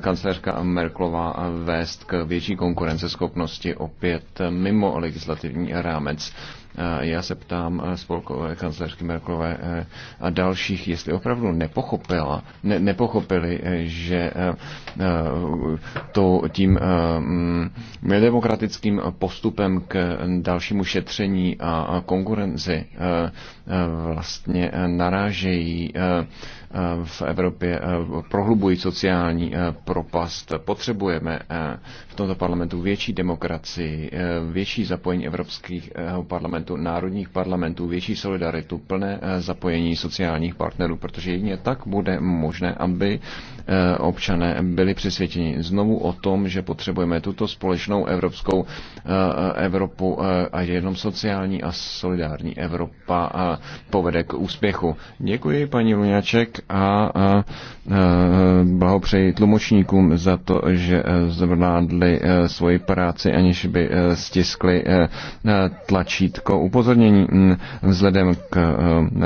kancelářka Merklová vést k větší konkurenceschopnosti opět mimo legislativní rámec. Já se ptám eh, spolkové eh, kancelářky Merkelové eh, a dalších, jestli opravdu nepochopila, ne, nepochopili, že to tím mm, nedemokratickým postupem k dalšímu šetření a konkurenci vlastně narážejí Eh, v Evropě eh, prohlubují sociální eh, propast. Potřebujeme v tomto parlamentu větší demokracii, větší zapojení Evropského parlamentu, národních parlamentů, větší solidaritu, plné zapojení sociálních partnerů, protože jedině tak bude možné, aby občané byli přesvědčeni znovu o tom, že potřebujeme tuto společnou evropskou Evropu a jenom sociální a solidární Evropa povede k úspěchu. Děkuji, paní Luňaček a, a Eh, blahopřeji tlumočníkům za to, že eh, zvládli eh, svoji práci, aniž by stiskli tlačítko upozornění mm, vzhledem k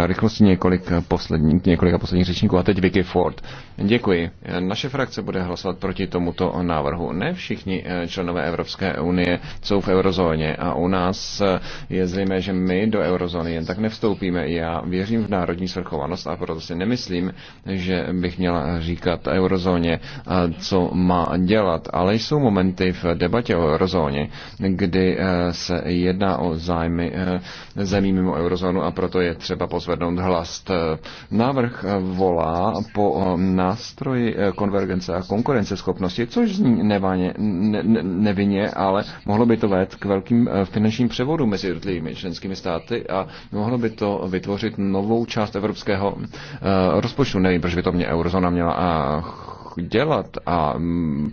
rychlosti několik poslední, několika posledních řečníků. A teď Vicky Ford. Děkuji. Naše frakce bude hlasovat proti tomuto návrhu. Ne všichni členové Evropské unie jsou v eurozóně a u nás je zřejmé, že my do eurozóny jen tak nevstoupíme. Já věřím v národní svrchovanost a proto si nemyslím, že bych měl měla říkat eurozóně, co má dělat, ale jsou momenty v debatě o eurozóně, kdy e, se jedná o zájmy e, zemí mimo eurozónu a proto je třeba pozvednout hlas. E, návrh volá po nástroji konvergence a konkurenceschopnosti, což zní nevaně, ne, ne, ale mohlo by to vést k velkým finančním převodům mezi jednotlivými členskými státy a mohlo by to vytvořit novou část evropského rozpočtu. Nevím, proč by to mě eurozóna ona měla dělat a mm,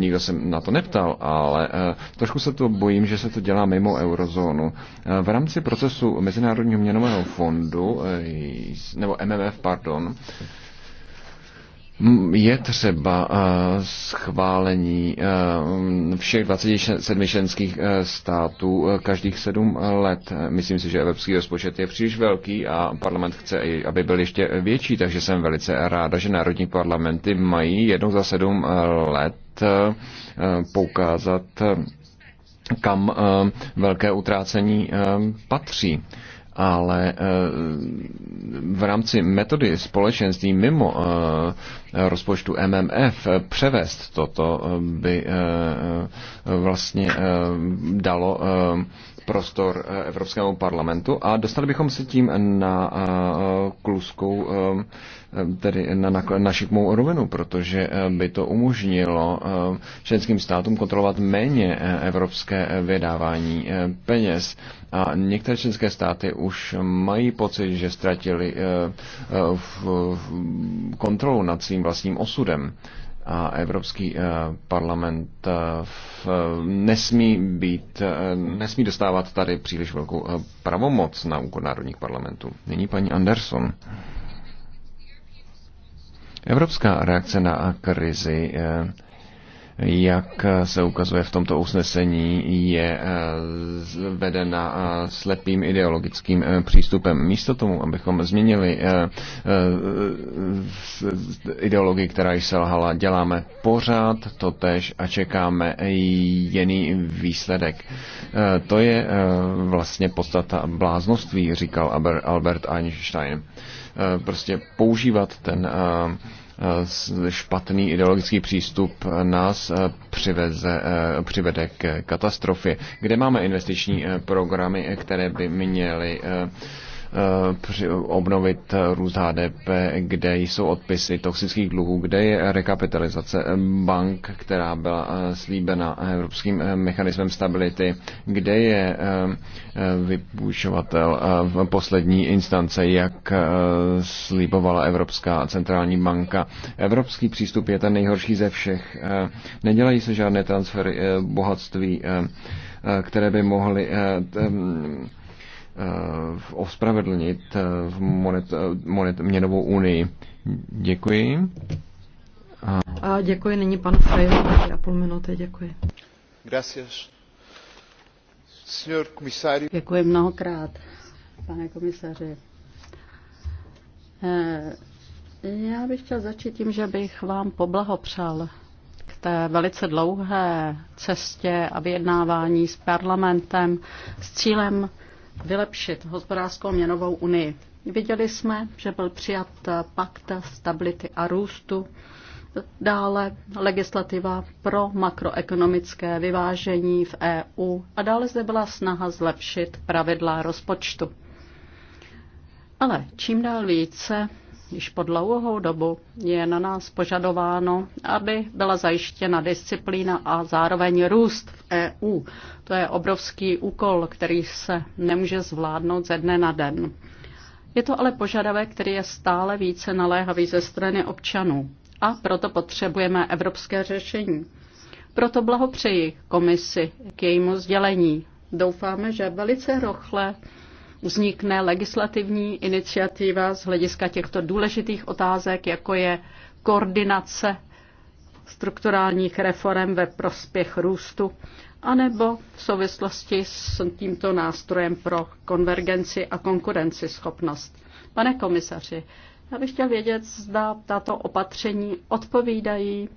nikdo se na to neptal, ale e, trošku se to bojím, že se to dělá mimo eurozónu. E, v rámci procesu Mezinárodního měnového fondu, e, nebo MMF, pardon, je třeba eh, schválení eh, všech 27 členských eh, států každých sedm let. Myslím si, že evropský rozpočet je příliš velký a parlament chce, aby byl ještě větší, takže jsem velice ráda, že národní parlamenty mají jednou za sedm let poukázat, kam velké utrácení patří ale eh, v rámci metody společenství mimo eh, rozpočtu MMF eh, převést toto by vlastně dalo prostor eh, Evropskému parlamentu a dostali bychom se tím na eh, kluskou, eh, tedy na, na, na šikmou rovinu, protože by to umožnilo členským státům kontrolovat méně evropské vydávání peněz. A některé členské státy už mají pocit, že ztratili kontrolu nad svým vlastním osudem a Evropský eh, parlament eh, nesmí, být, eh, nesmí dostávat tady příliš velkou pravomoc na úkor národních parlamentů. Nyní paní Anderson. Evropská reakce na krizi jak se ukazuje v tomto usnesení, je eh, vedena eh, slepým ideologickým eh, přístupem. Místo tomu, abychom změnili ideologii, která již selhala, děláme pořád to tež a čekáme jiný výsledek. To je vlastně podstata bláznoství, říkal Albert Einstein. Prostě používat ten Eh, špatný ideologický přístup nás eh, přiveze, eh, přivede k katastrofě. Kde máme investiční programy, které by měly Eh, obnovit růst HDP, kde jsou odpisy toxických dluhů, kde je rekapitalizace bank, která byla eh, slíbena Evropským eh, mechanismem stability, kde je vypůjčovatel v poslední instance, jak slíbovala Evropská centrální banka. Evropský přístup je ten nejhorší ze všech. Nedělají se žádné transfery bohatství, které by mohly Eh, ospravedlnit eh, v monet, eh, monet, měnovou unii. Děkuji. A... A děkuji, nyní pan Fejo, a půl minuty, děkuji. Gracias. señor Comisario. Děkuji mnohokrát, pane komisaři. Já bych chtěl začít tím, že bych vám poblahopřál k té velice dlouhé cestě a vyjednávání s parlamentem s cílem vylepšit hospodářskou měnovou unii. Viděli jsme, že byl přijat pakt stability a růstu, dále legislativa pro makroekonomické vyvážení v EU a dále zde byla snaha zlepšit pravidla rozpočtu. Ale čím dál více Již po dlouhou dobu je na nás požadováno, aby byla zajištěna disciplína a zároveň růst v EU. To je obrovský úkol, který se nemůže zvládnout ze dne na den. Je to ale požadavek, který je stále více naléhavý ze strany občanů a proto potřebujeme evropské řešení. Proto blahopřeji komisi k jejímu sdělení. Doufáme, že velice rychle vznikne legislativní iniciativa z hlediska těchto důležitých otázek, jako je koordinace strukturálních reform ve prospěch růstu, anebo v souvislosti s tímto nástrojem pro konvergenci a konkurenceschopnost. Pane komisaři, já bych chtěl vědět, zda tato opatření odpovídají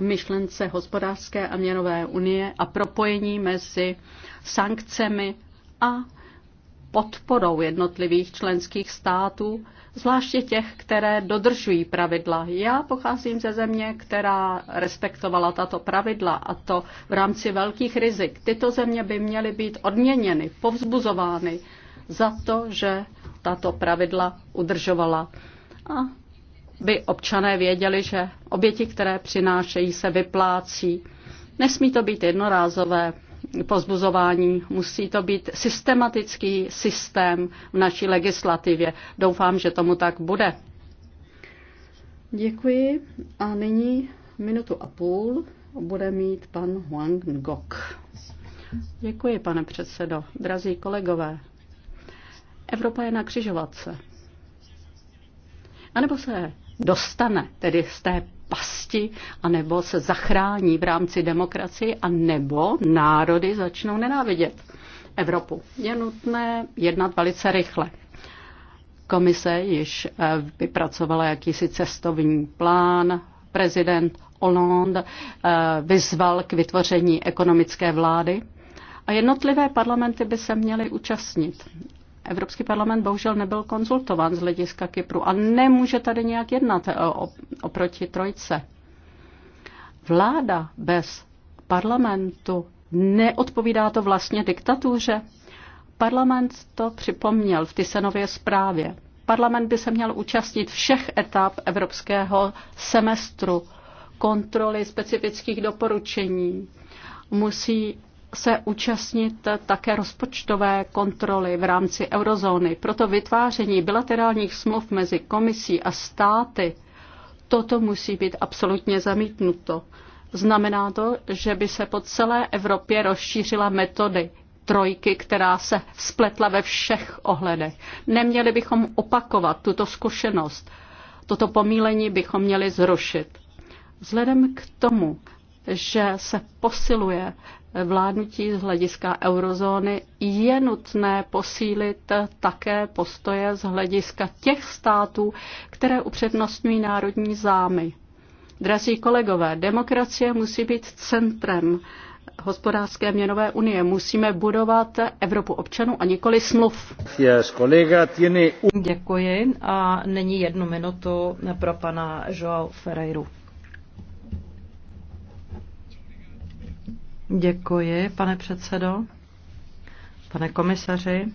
myšlence hospodářské a měnové unie a propojení mezi sankcemi a podporou jednotlivých členských států, zvláště těch, které dodržují pravidla. Já pocházím ze země, která respektovala tato pravidla a to v rámci velkých rizik. Tyto země by měly být odměněny, povzbuzovány za to, že tato pravidla udržovala. A by občané věděli, že oběti, které přinášejí, se vyplácí. Nesmí to být jednorázové pozbuzování. Musí to být systematický systém v naší legislativě. Doufám, že tomu tak bude. Děkuji a nyní minutu a půl bude mít pan Huang Ngok. Děkuji, pane předsedo. Drazí kolegové, Evropa je na křižovatce. A nebo se dostane tedy z té pasti, anebo se zachrání v rámci demokracie, a nebo národy začnou nenávidět Evropu. Je nutné jednat velice rychle. Komise již eh, vypracovala jakýsi cestovní plán. Prezident Hollande eh, vyzval k vytvoření ekonomické vlády a jednotlivé parlamenty by se měly účastnit. Evropský parlament bohužel nebyl konzultován z hlediska Kypru a nemůže tady nějak jednat eh, oproti trojce. Vláda bez parlamentu neodpovídá to vlastně diktatuře. Parlament to připomněl v Tysenově zprávě. Parlament by se měl účastnit všech etap evropského semestru, kontroly specifických doporučení. Musí se účastnit také rozpočtové kontroly v rámci eurozóny. Proto vytváření bilaterálních smluv mezi komisí a státy, toto musí být absolutně zamítnuto. Znamená to, že by se po celé Evropě rozšířila metody trojky, která se spletla ve všech ohledech. Neměli bychom opakovat tuto zkušenost. Toto pomílení bychom měli zrušit. Vzhledem k tomu, že se posiluje vládnutí z hlediska eurozóny je nutné posílit také postoje z hlediska těch států, které upřednostňují národní zámy. Drazí kolegové, demokracie musí být centrem hospodářské měnové unie. Musíme budovat Evropu občanů a nikoli smluv. Děkuji a není jednu minutu pro pana Joao Ferreiru. Děkuji, pane předsedo, pane komisaři.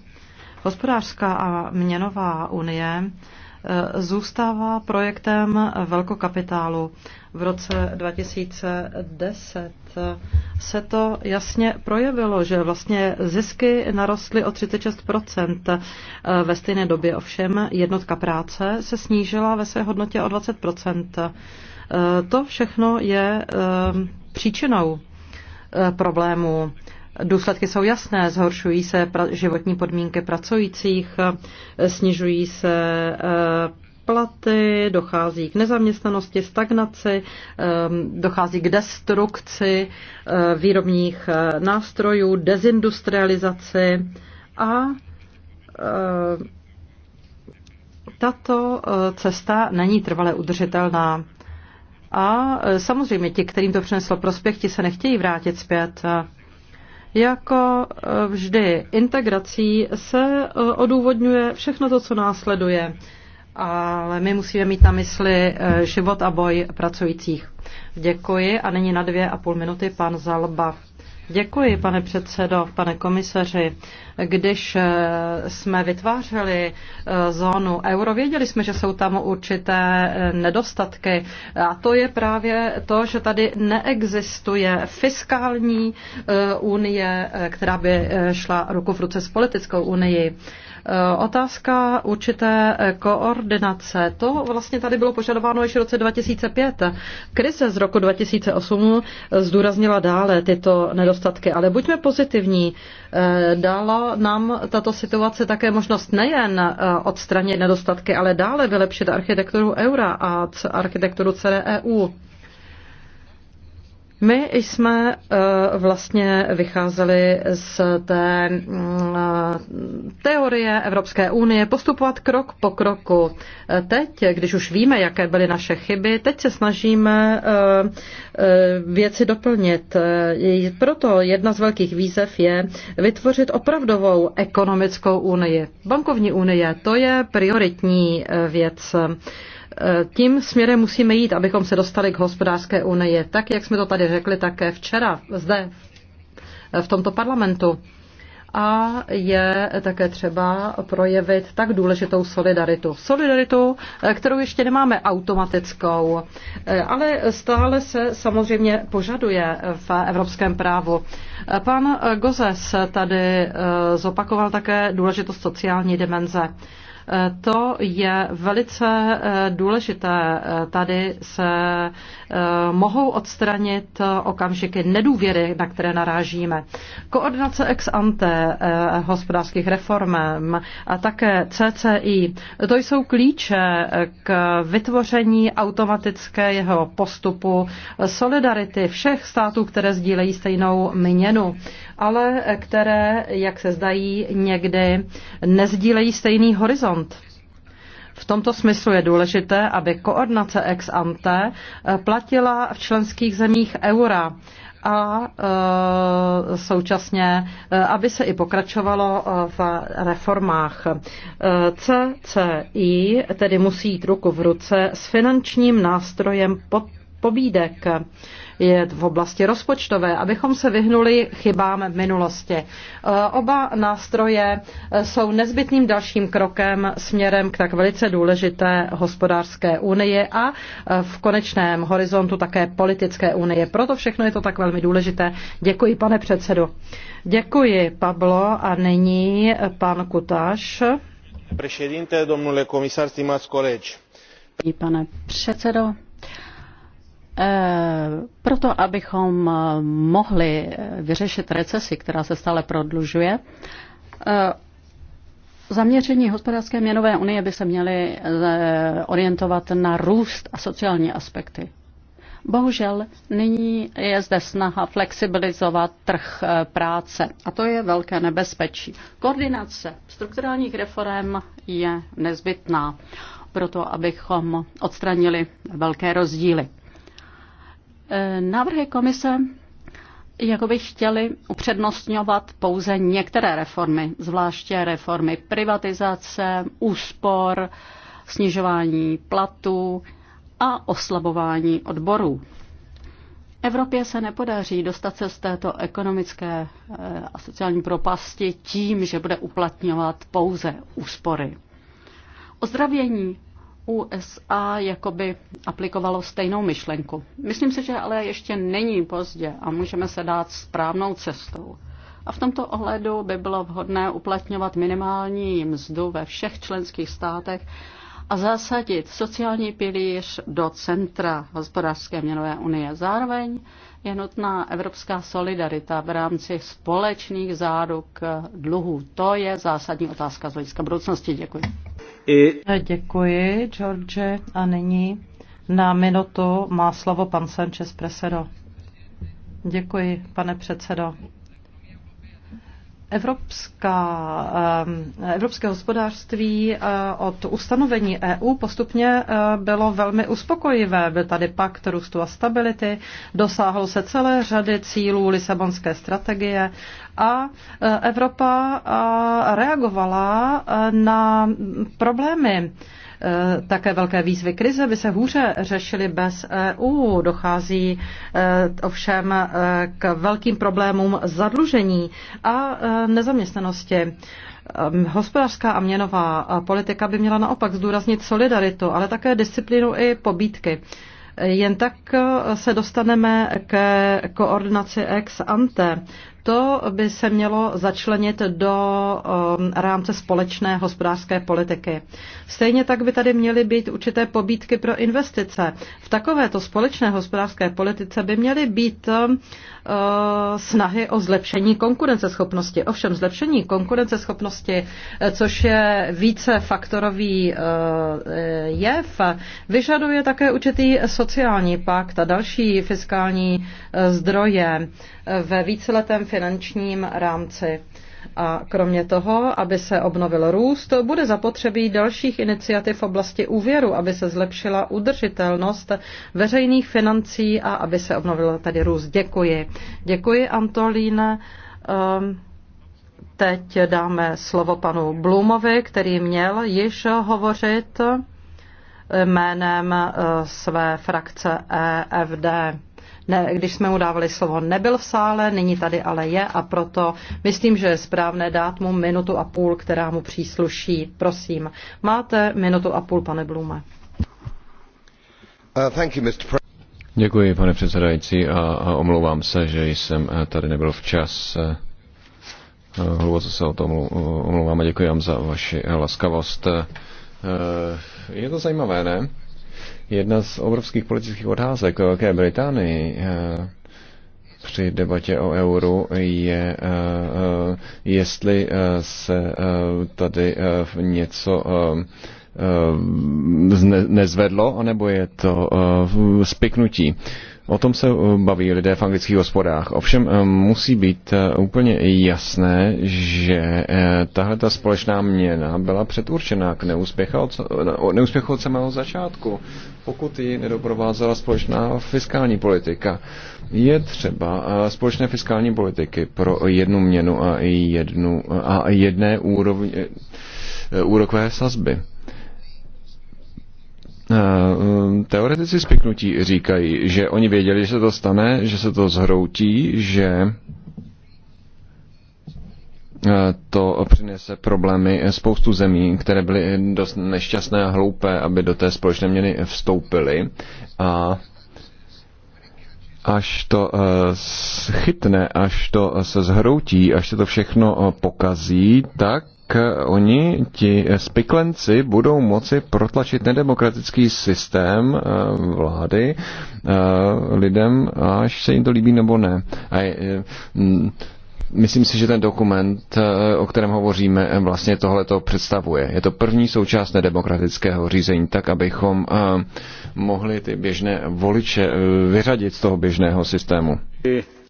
Hospodářská a měnová unie eh, zůstává projektem velkokapitálu. V roce 2010 eh, se to jasně projevilo, že vlastně zisky narostly o 36 eh, Ve stejné době ovšem jednotka práce se snížila ve své hodnotě o 20 To všechno je příčinou E, problémů. Důsledky jsou jasné, zhoršují se životní podmínky pracujících, e, snižují se e, platy, dochází k nezaměstnanosti, stagnaci, dochází k destrukci výrobních nástrojů, dezindustrializaci a tato cesta není trvale udržitelná. A e, samozřejmě ti, kterým to přineslo prospěch, ti se nechtějí vrátit zpět. Jako e, vždy, integrací se e, odůvodňuje všechno to, co následuje, ale my musíme mít na mysli život a boj pracujících. Děkuji a nyní na dvě a půl minuty pan Zalba. Děkuji, pane předsedo, pane komisaři. Když eh, jsme vytvářeli eh, zónu euro, věděli jsme, že jsou tam určité eh, nedostatky. A to je právě to, že tady neexistuje fiskální unie, která by šla ruku v ruce s politickou unii. Otázka určité koordinace. To vlastně tady bylo požadováno již v roce 2005. Krize z roku 2008 zdůraznila dále tyto nedostatky nedostatky, ale buďme pozitivní. Eh, dala nám tato situace také možnost nejen eh, odstranit nedostatky, ale dále vylepšit architekturu eura a architekturu celé EU. My jsme eh, vlastně vycházeli z té eh, teorie Evropské unie postupovat krok po kroku. Eh, teď, když už víme, jaké byly naše chyby, teď se snažíme věci doplnit. Proto jedna z velkých výzev je vytvořit opravdovou ekonomickou unii. Bankovní unie, to je prioritní věc. Eh, tím směrem musíme jít, abychom se dostali k hospodářské unii. Tak, jak jsme to tady řekli také včera, zde, eh, v tomto parlamentu. A je také třeba projevit tak důležitou solidaritu. Solidaritu, eh, kterou ještě nemáme automatickou, ale stále se samozřejmě požaduje v evropském právu. Pan Gozes tady zopakoval také důležitost sociální dimenze. Eh, to je velice eh, důležité. Eh, tady se mohou odstranit okamžiky nedůvěry, na které narážíme. Koordinace ex ante hospodářských reform a také CCI, to jsou klíče k vytvoření automatického postupu solidarity všech států, které sdílejí stejnou měnu ale které, jak se zdají, někdy nezdílejí stejný horizont. V tomto smyslu je důležité, aby koordinace ex ante eh, platila v členských zemích eura a e, současně, eh, aby se i pokračovalo v reformách. CCI tedy musí jít ruku v ruce s finančním nástrojem pod pobídek je v oblasti rozpočtové, abychom se vyhnuli chybám v minulosti. Eh, oba nástroje eh, jsou nezbytným dalším krokem směrem k tak velice důležité hospodářské unii a eh, v konečném horizontu také politické unie. Proto všechno je to tak velmi důležité. Děkuji, pane předsedu. Děkuji, Pablo, a nyní pan Kutáš. Președinte, domnule comisar, stimați colegi. Pane předsedo, Eh, proto, abychom eh, mohli eh, vyřešit recesi, která se stále prodlužuje, Zaměření hospodářské měnové unie by se měly orientovat na růst a sociální aspekty. Bohužel nyní je zde snaha flexibilizovat trh práce a to je velké nebezpečí. Koordinace strukturálních reform je nezbytná proto, abychom odstranili velké rozdíly. Návrhy komise jako by chtěli upřednostňovat pouze některé reformy, zvláště reformy privatizace, úspor, snižování platů a oslabování odborů. Evropě se nepodaří dostat se z této ekonomické eh, a sociální propasti tím, že bude uplatňovat pouze úspory. Ozdravění USA jakoby aplikovalo stejnou myšlenku. Myslím si, že ale ještě není pozdě a můžeme se dát správnou cestou. A v tomto ohledu by bylo vhodné uplatňovat minimální mzdu ve všech členských státech a zasadit sociální pilíř do centra hospodářské měnové unie. Zároveň je nutná evropská solidarita v rámci společných záruk dluhů. To je zásadní otázka z hlediska budoucnosti. Děkuji. I... Děkuji, George. A nyní na minutu má slovo pan Sanchez Presedo. Děkuji, pane předsedo. Evropská, ehm, evropské hospodářství eh, od ustanovení EU postupně eh, bylo velmi uspokojivé. Byl tady pakt růstu a stability, dosáhlo se celé řady cílů Lisabonské strategie a eh, Evropa reagovala na problémy Eh, také velké výzvy krize by se hůře řešily bez EU. Dochází eh, ovšem eh, k velkým problémům zadlužení a nezaměstnanosti. Ehm, hospodářská a měnová politika by měla naopak zdůraznit solidaritu, ale také disciplínu i pobídky. Jen tak se dostaneme k koordinaci ex ante. To by se mělo začlenit do um, rámce společné hospodářské politiky. Stejně tak by tady měly být určité pobídky pro investice. V takovéto společné hospodářské politice by měly být um, uh, snahy o zlepšení konkurenceschopnosti. Ovšem zlepšení konkurenceschopnosti, eh, což je více faktorový eh, eh, jev, vyžaduje také určitý sociální pakt a další fiskální zdroje ve víceletém finanční finančním rámci. A kromě toho, aby se obnovil růst, bude zapotřebí dalších iniciativ v oblasti úvěru, aby se zlepšila udržitelnost veřejných financí a aby se obnovil tady růst. Děkuji. Děkuji, Antolíne, ehm, Teď dáme slovo panu Blumovi, který měl již hovořit jménem eh, své frakce EFD ne, když jsme mu dávali slovo, nebyl v sále, nyní tady ale je a proto myslím, že je správné dát mu minutu a půl, která mu přísluší. Prosím, máte minutu a půl, pane Blume. Uh, thank you, Mr. Děkuji, pane předsedající, a, a omlouvám se, že jsem eh, tady nebyl včas. Hluboce eh, eh, se o tom omlouvám a děkuji vám za vaši laskavost. Je to zajímavé, ne? Jedna z obrovských politických otázek Velké Británii eh, při debatě o euru je, eh, eh, jestli se tady něco Eh, nezvedlo, anebo je to eh, spiknutí. O tom se eh, baví lidé v anglických hospodách. Ovšem musí být úplně jasné, že tahle ta společná měna byla předurčená k neúspěchu od, neúspěchu od samého začátku, pokud ji nedoprovázela společná fiskální politika. Je třeba společné fiskální politiky pro jednu měnu a, jednu, a jedné úrovně, úrokové sazby. Eh, teoretici spiknutí říkají, že oni věděli, že se to stane, že se to zhroutí, že eh, to přinese problémy spoustu zemí, které byly dost nešťastné a hloupé, aby do té společné měny vstoupily. A až to eh, chytne, až to se zhroutí, až se to všechno pokazí, tak tak oni, ti spiklenci, budou moci protlačit nedemokratický systém eh, vlády eh, lidem, až se jim to líbí nebo ne. A eh, myslím si, že ten dokument, o kterém hovoříme, vlastně tohle to představuje. Je to první součást nedemokratického řízení, tak abychom mohli ty běžné voliče vyřadit z toho běžného systému.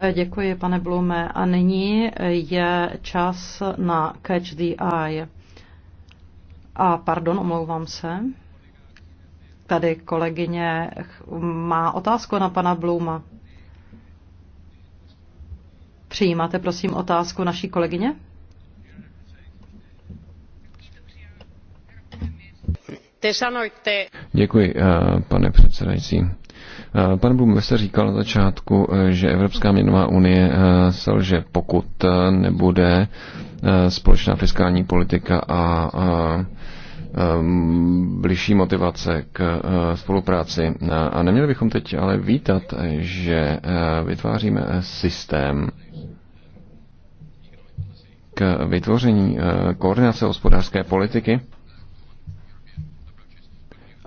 Eh, děkuji, pane Blume. A nyní eh, je čas na Catch the Eye. A pardon, omlouvám se. Tady kolegyně má otázku na pana Bluma. Přijímáte prosím otázku naší kolegyně? Děkuji, eh, pane předsedající. Eh, pan Blum, jste říkal na začátku, eh, že Evropská měnová unie selže, pokud nebude společná fiskální politika a blížší motivace k spolupráci. A neměli bychom teď ale vítat, že vytváříme systém k vytvoření koordinace hospodářské politiky,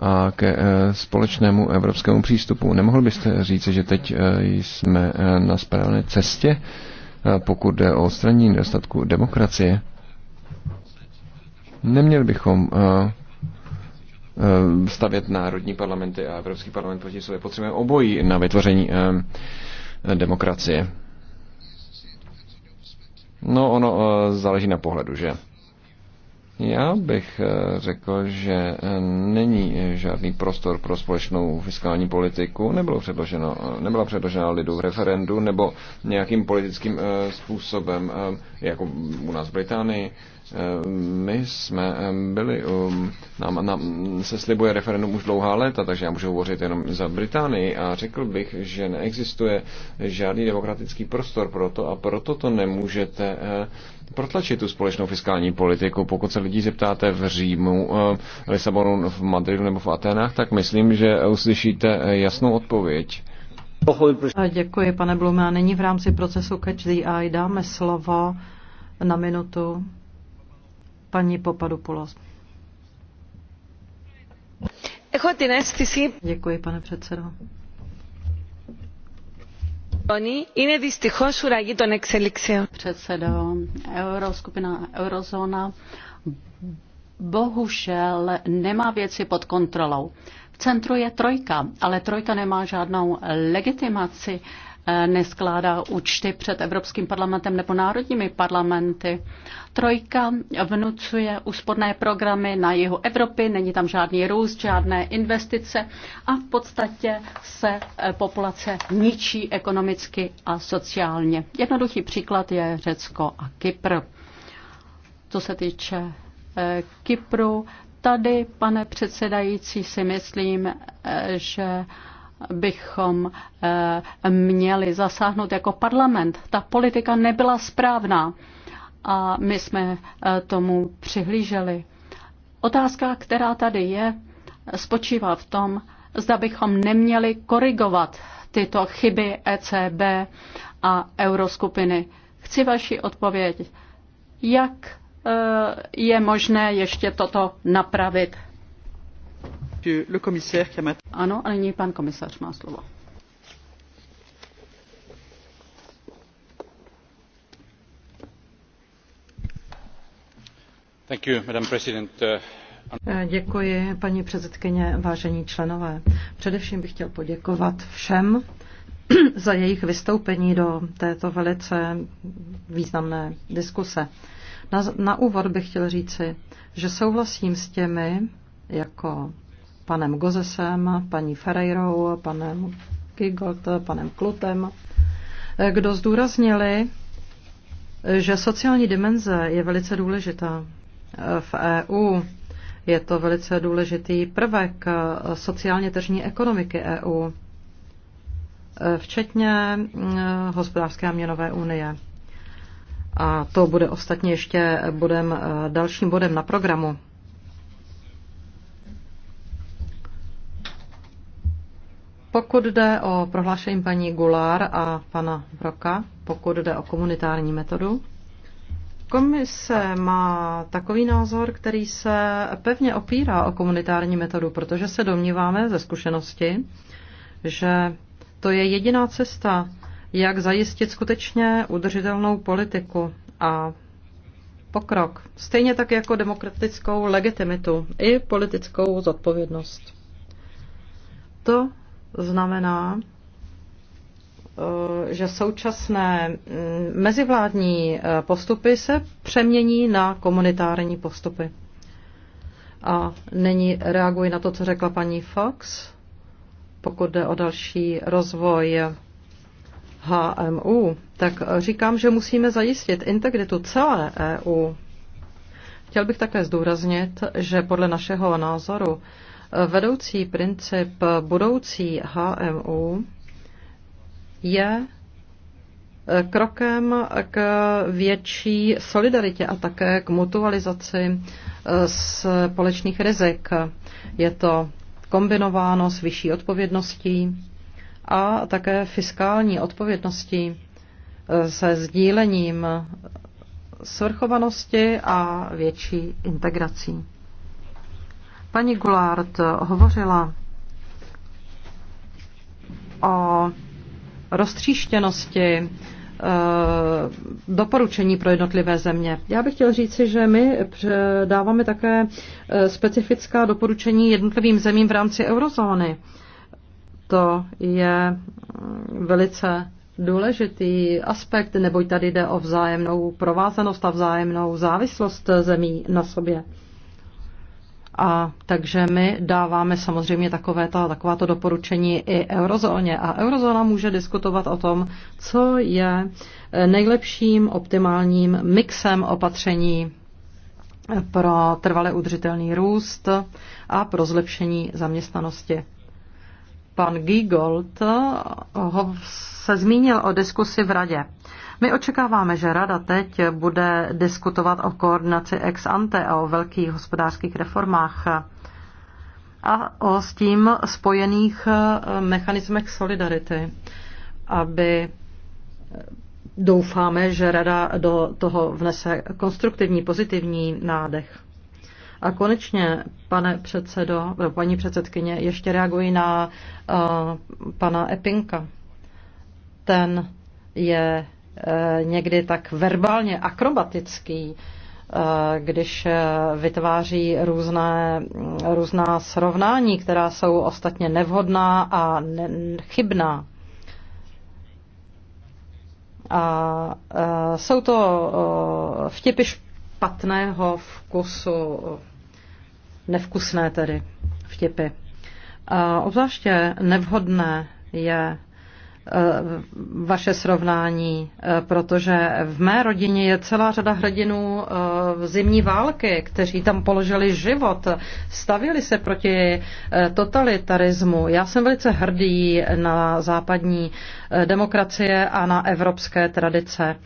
a ke eh, společnému evropskému přístupu. Nemohl byste říct, že teď eh, jsme eh, na správné cestě, pokud jde o odstranění nedostatku demokracie? Neměli bychom stavět národní parlamenty a Evropský parlament proti sobě. Potřebujeme obojí na vytvoření demokracie. No, ono záleží na pohledu, že? Já bych eh, řekl, že eh, není žádný prostor pro společnou fiskální politiku, nebylo předloženo, eh, nebyla předložena lidu v referendu nebo nějakým politickým způsobem, jako u nás v Británii. Eh, my jsme eh, byli, um, nám, nám se slibuje referendum už dlouhá léta, takže já můžu hovořit jenom za Británii a řekl bych, že neexistuje žádný demokratický prostor pro to a proto to nemůžete eh, protlačit tu společnou fiskální politiku. Pokud se lidí zeptáte v Římu, Lisabonu, v Madridu nebo v Aténách, tak myslím, že uslyšíte jasnou odpověď. Děkuji, pane Blume. A nyní v rámci procesu Catch the Eye dáme slovo na minutu paní Popadopoulos. Děkuji, pane předsedo. Předsedo, euroskupina eurozóna bohužel nemá věci pod kontrolou. V centru je trojka, ale trojka nemá žádnou legitimaci Eh, neskládá účty před Evropským parlamentem nebo národními parlamenty. Trojka vnucuje úsporné programy na jihu Evropy, není tam žádný růst, žádné investice a v podstatě se eh, populace ničí ekonomicky a sociálně. Jednoduchý příklad je Řecko a Kypr. Co se týče eh, Kypru, tady, pane předsedající, si myslím, že bychom eh, měli zasáhnout jako parlament. Ta politika nebyla správná a my jsme eh, tomu přihlíželi. Otázka, která tady je, spočívá v tom, zda bychom neměli korigovat tyto chyby ECB a euroskupiny. Chci vaši odpověď. Jak eh, je možné ještě toto napravit? Ano, a nyní pan komisař má slovo. You, madam president. Uh, eh, děkuji, paní předsedkyně, vážení členové. Především bych chtěl poděkovat všem za jejich vystoupení do této velice významné diskuse. Na, na úvod bych chtěl říci, že souhlasím s těmi jako panem Gozesem, paní Ferreirou, panem Gigolt, panem Klutem, kdo zdůraznili, že sociální dimenze je velice důležitá v EU. Je to velice důležitý prvek sociálně tržní ekonomiky EU, včetně mm, hospodářské a měnové unie. A to bude ostatně ještě bodem, dalším bodem na programu. Pokud jde o prohlášení paní Gulár a pana Broka, pokud jde o komunitární metodu, komise má takový názor, který se pevně opírá o komunitární metodu, protože se domníváme ze zkušenosti, že to je jediná cesta, jak zajistit skutečně udržitelnou politiku a pokrok, stejně tak jako demokratickou legitimitu i politickou zodpovědnost. To znamená, eh, že současné mm, mezivládní eh, postupy se přemění na komunitární postupy. A nyní reaguji na to, co řekla paní Fox, pokud jde o další rozvoj HMU, tak eh, říkám, že musíme zajistit integritu celé EU. Chtěl bych také zdůraznit, že podle našeho názoru Vedoucí princip budoucí HMU je eh, krokem k větší solidaritě a také k mutualizaci eh, společných rizik. Je to kombinováno s vyšší odpovědností a také fiskální odpovědností eh, se sdílením svrchovanosti a větší integrací. Paní Goulart hovořila o roztříštěnosti eh, doporučení pro jednotlivé země. Já bych chtěl říci, že my dáváme také eh, specifická doporučení jednotlivým zemím v rámci eurozóny. To je mm, velice důležitý aspekt, neboť tady jde o vzájemnou provázanost a vzájemnou závislost zemí na sobě. A takže my dáváme samozřejmě takovéto, takováto doporučení i eurozóně. A eurozóna může diskutovat o tom, co je eh, nejlepším optimálním mixem opatření eh, pro trvale udržitelný růst a pro zlepšení zaměstnanosti. Pan Giegold eh, ho se zmínil o diskusi v radě. My očekáváme, že Rada teď bude diskutovat o koordinaci ex ante a o velkých hospodářských reformách a o s tím spojených eh, mechanismech solidarity, aby eh, doufáme, že Rada do toho vnese konstruktivní, pozitivní nádech. A konečně, pane předsedo, nebo paní předsedkyně, ještě reaguji na uh, pana Epinka. Ten je Eh, někdy tak verbálně akrobatický, eh, když eh, vytváří různé, mm, různá srovnání, která jsou ostatně nevhodná a ne, chybná. A jsou to vtipy špatného vkusu, nevkusné tedy vtipy. A obzvláště nevhodné je Eh, vaše srovnání, eh, protože v mé rodině je celá řada hrdinů eh, zimní války, kteří tam položili život, stavili se proti totalitarismu. Já jsem velice hrdý na západní demokracie a na evropské tradice.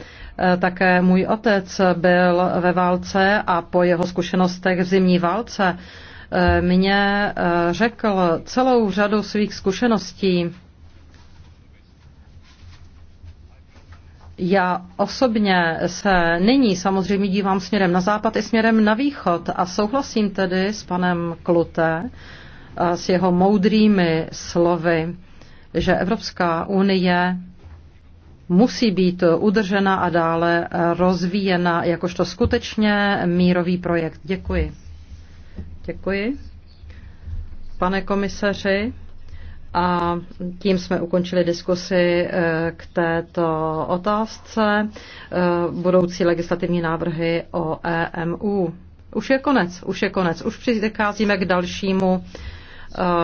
Také můj otec byl ve válce a po jeho zkušenostech v zimní válce mě řekl celou řadu svých zkušeností Já osobně se nyní samozřejmě dívám směrem na západ i směrem na východ a souhlasím tedy s panem Klute, s jeho moudrými slovy, že Evropská unie musí být udržena a dále rozvíjena jakožto skutečně mírový projekt. Děkuji. Děkuji. Pane komisaři, a tím jsme ukončili diskusi eh, k této otázce. Eh, budoucí legislativní návrhy o EMU. Už je konec, už je konec, už přicházíme k dalšímu eh,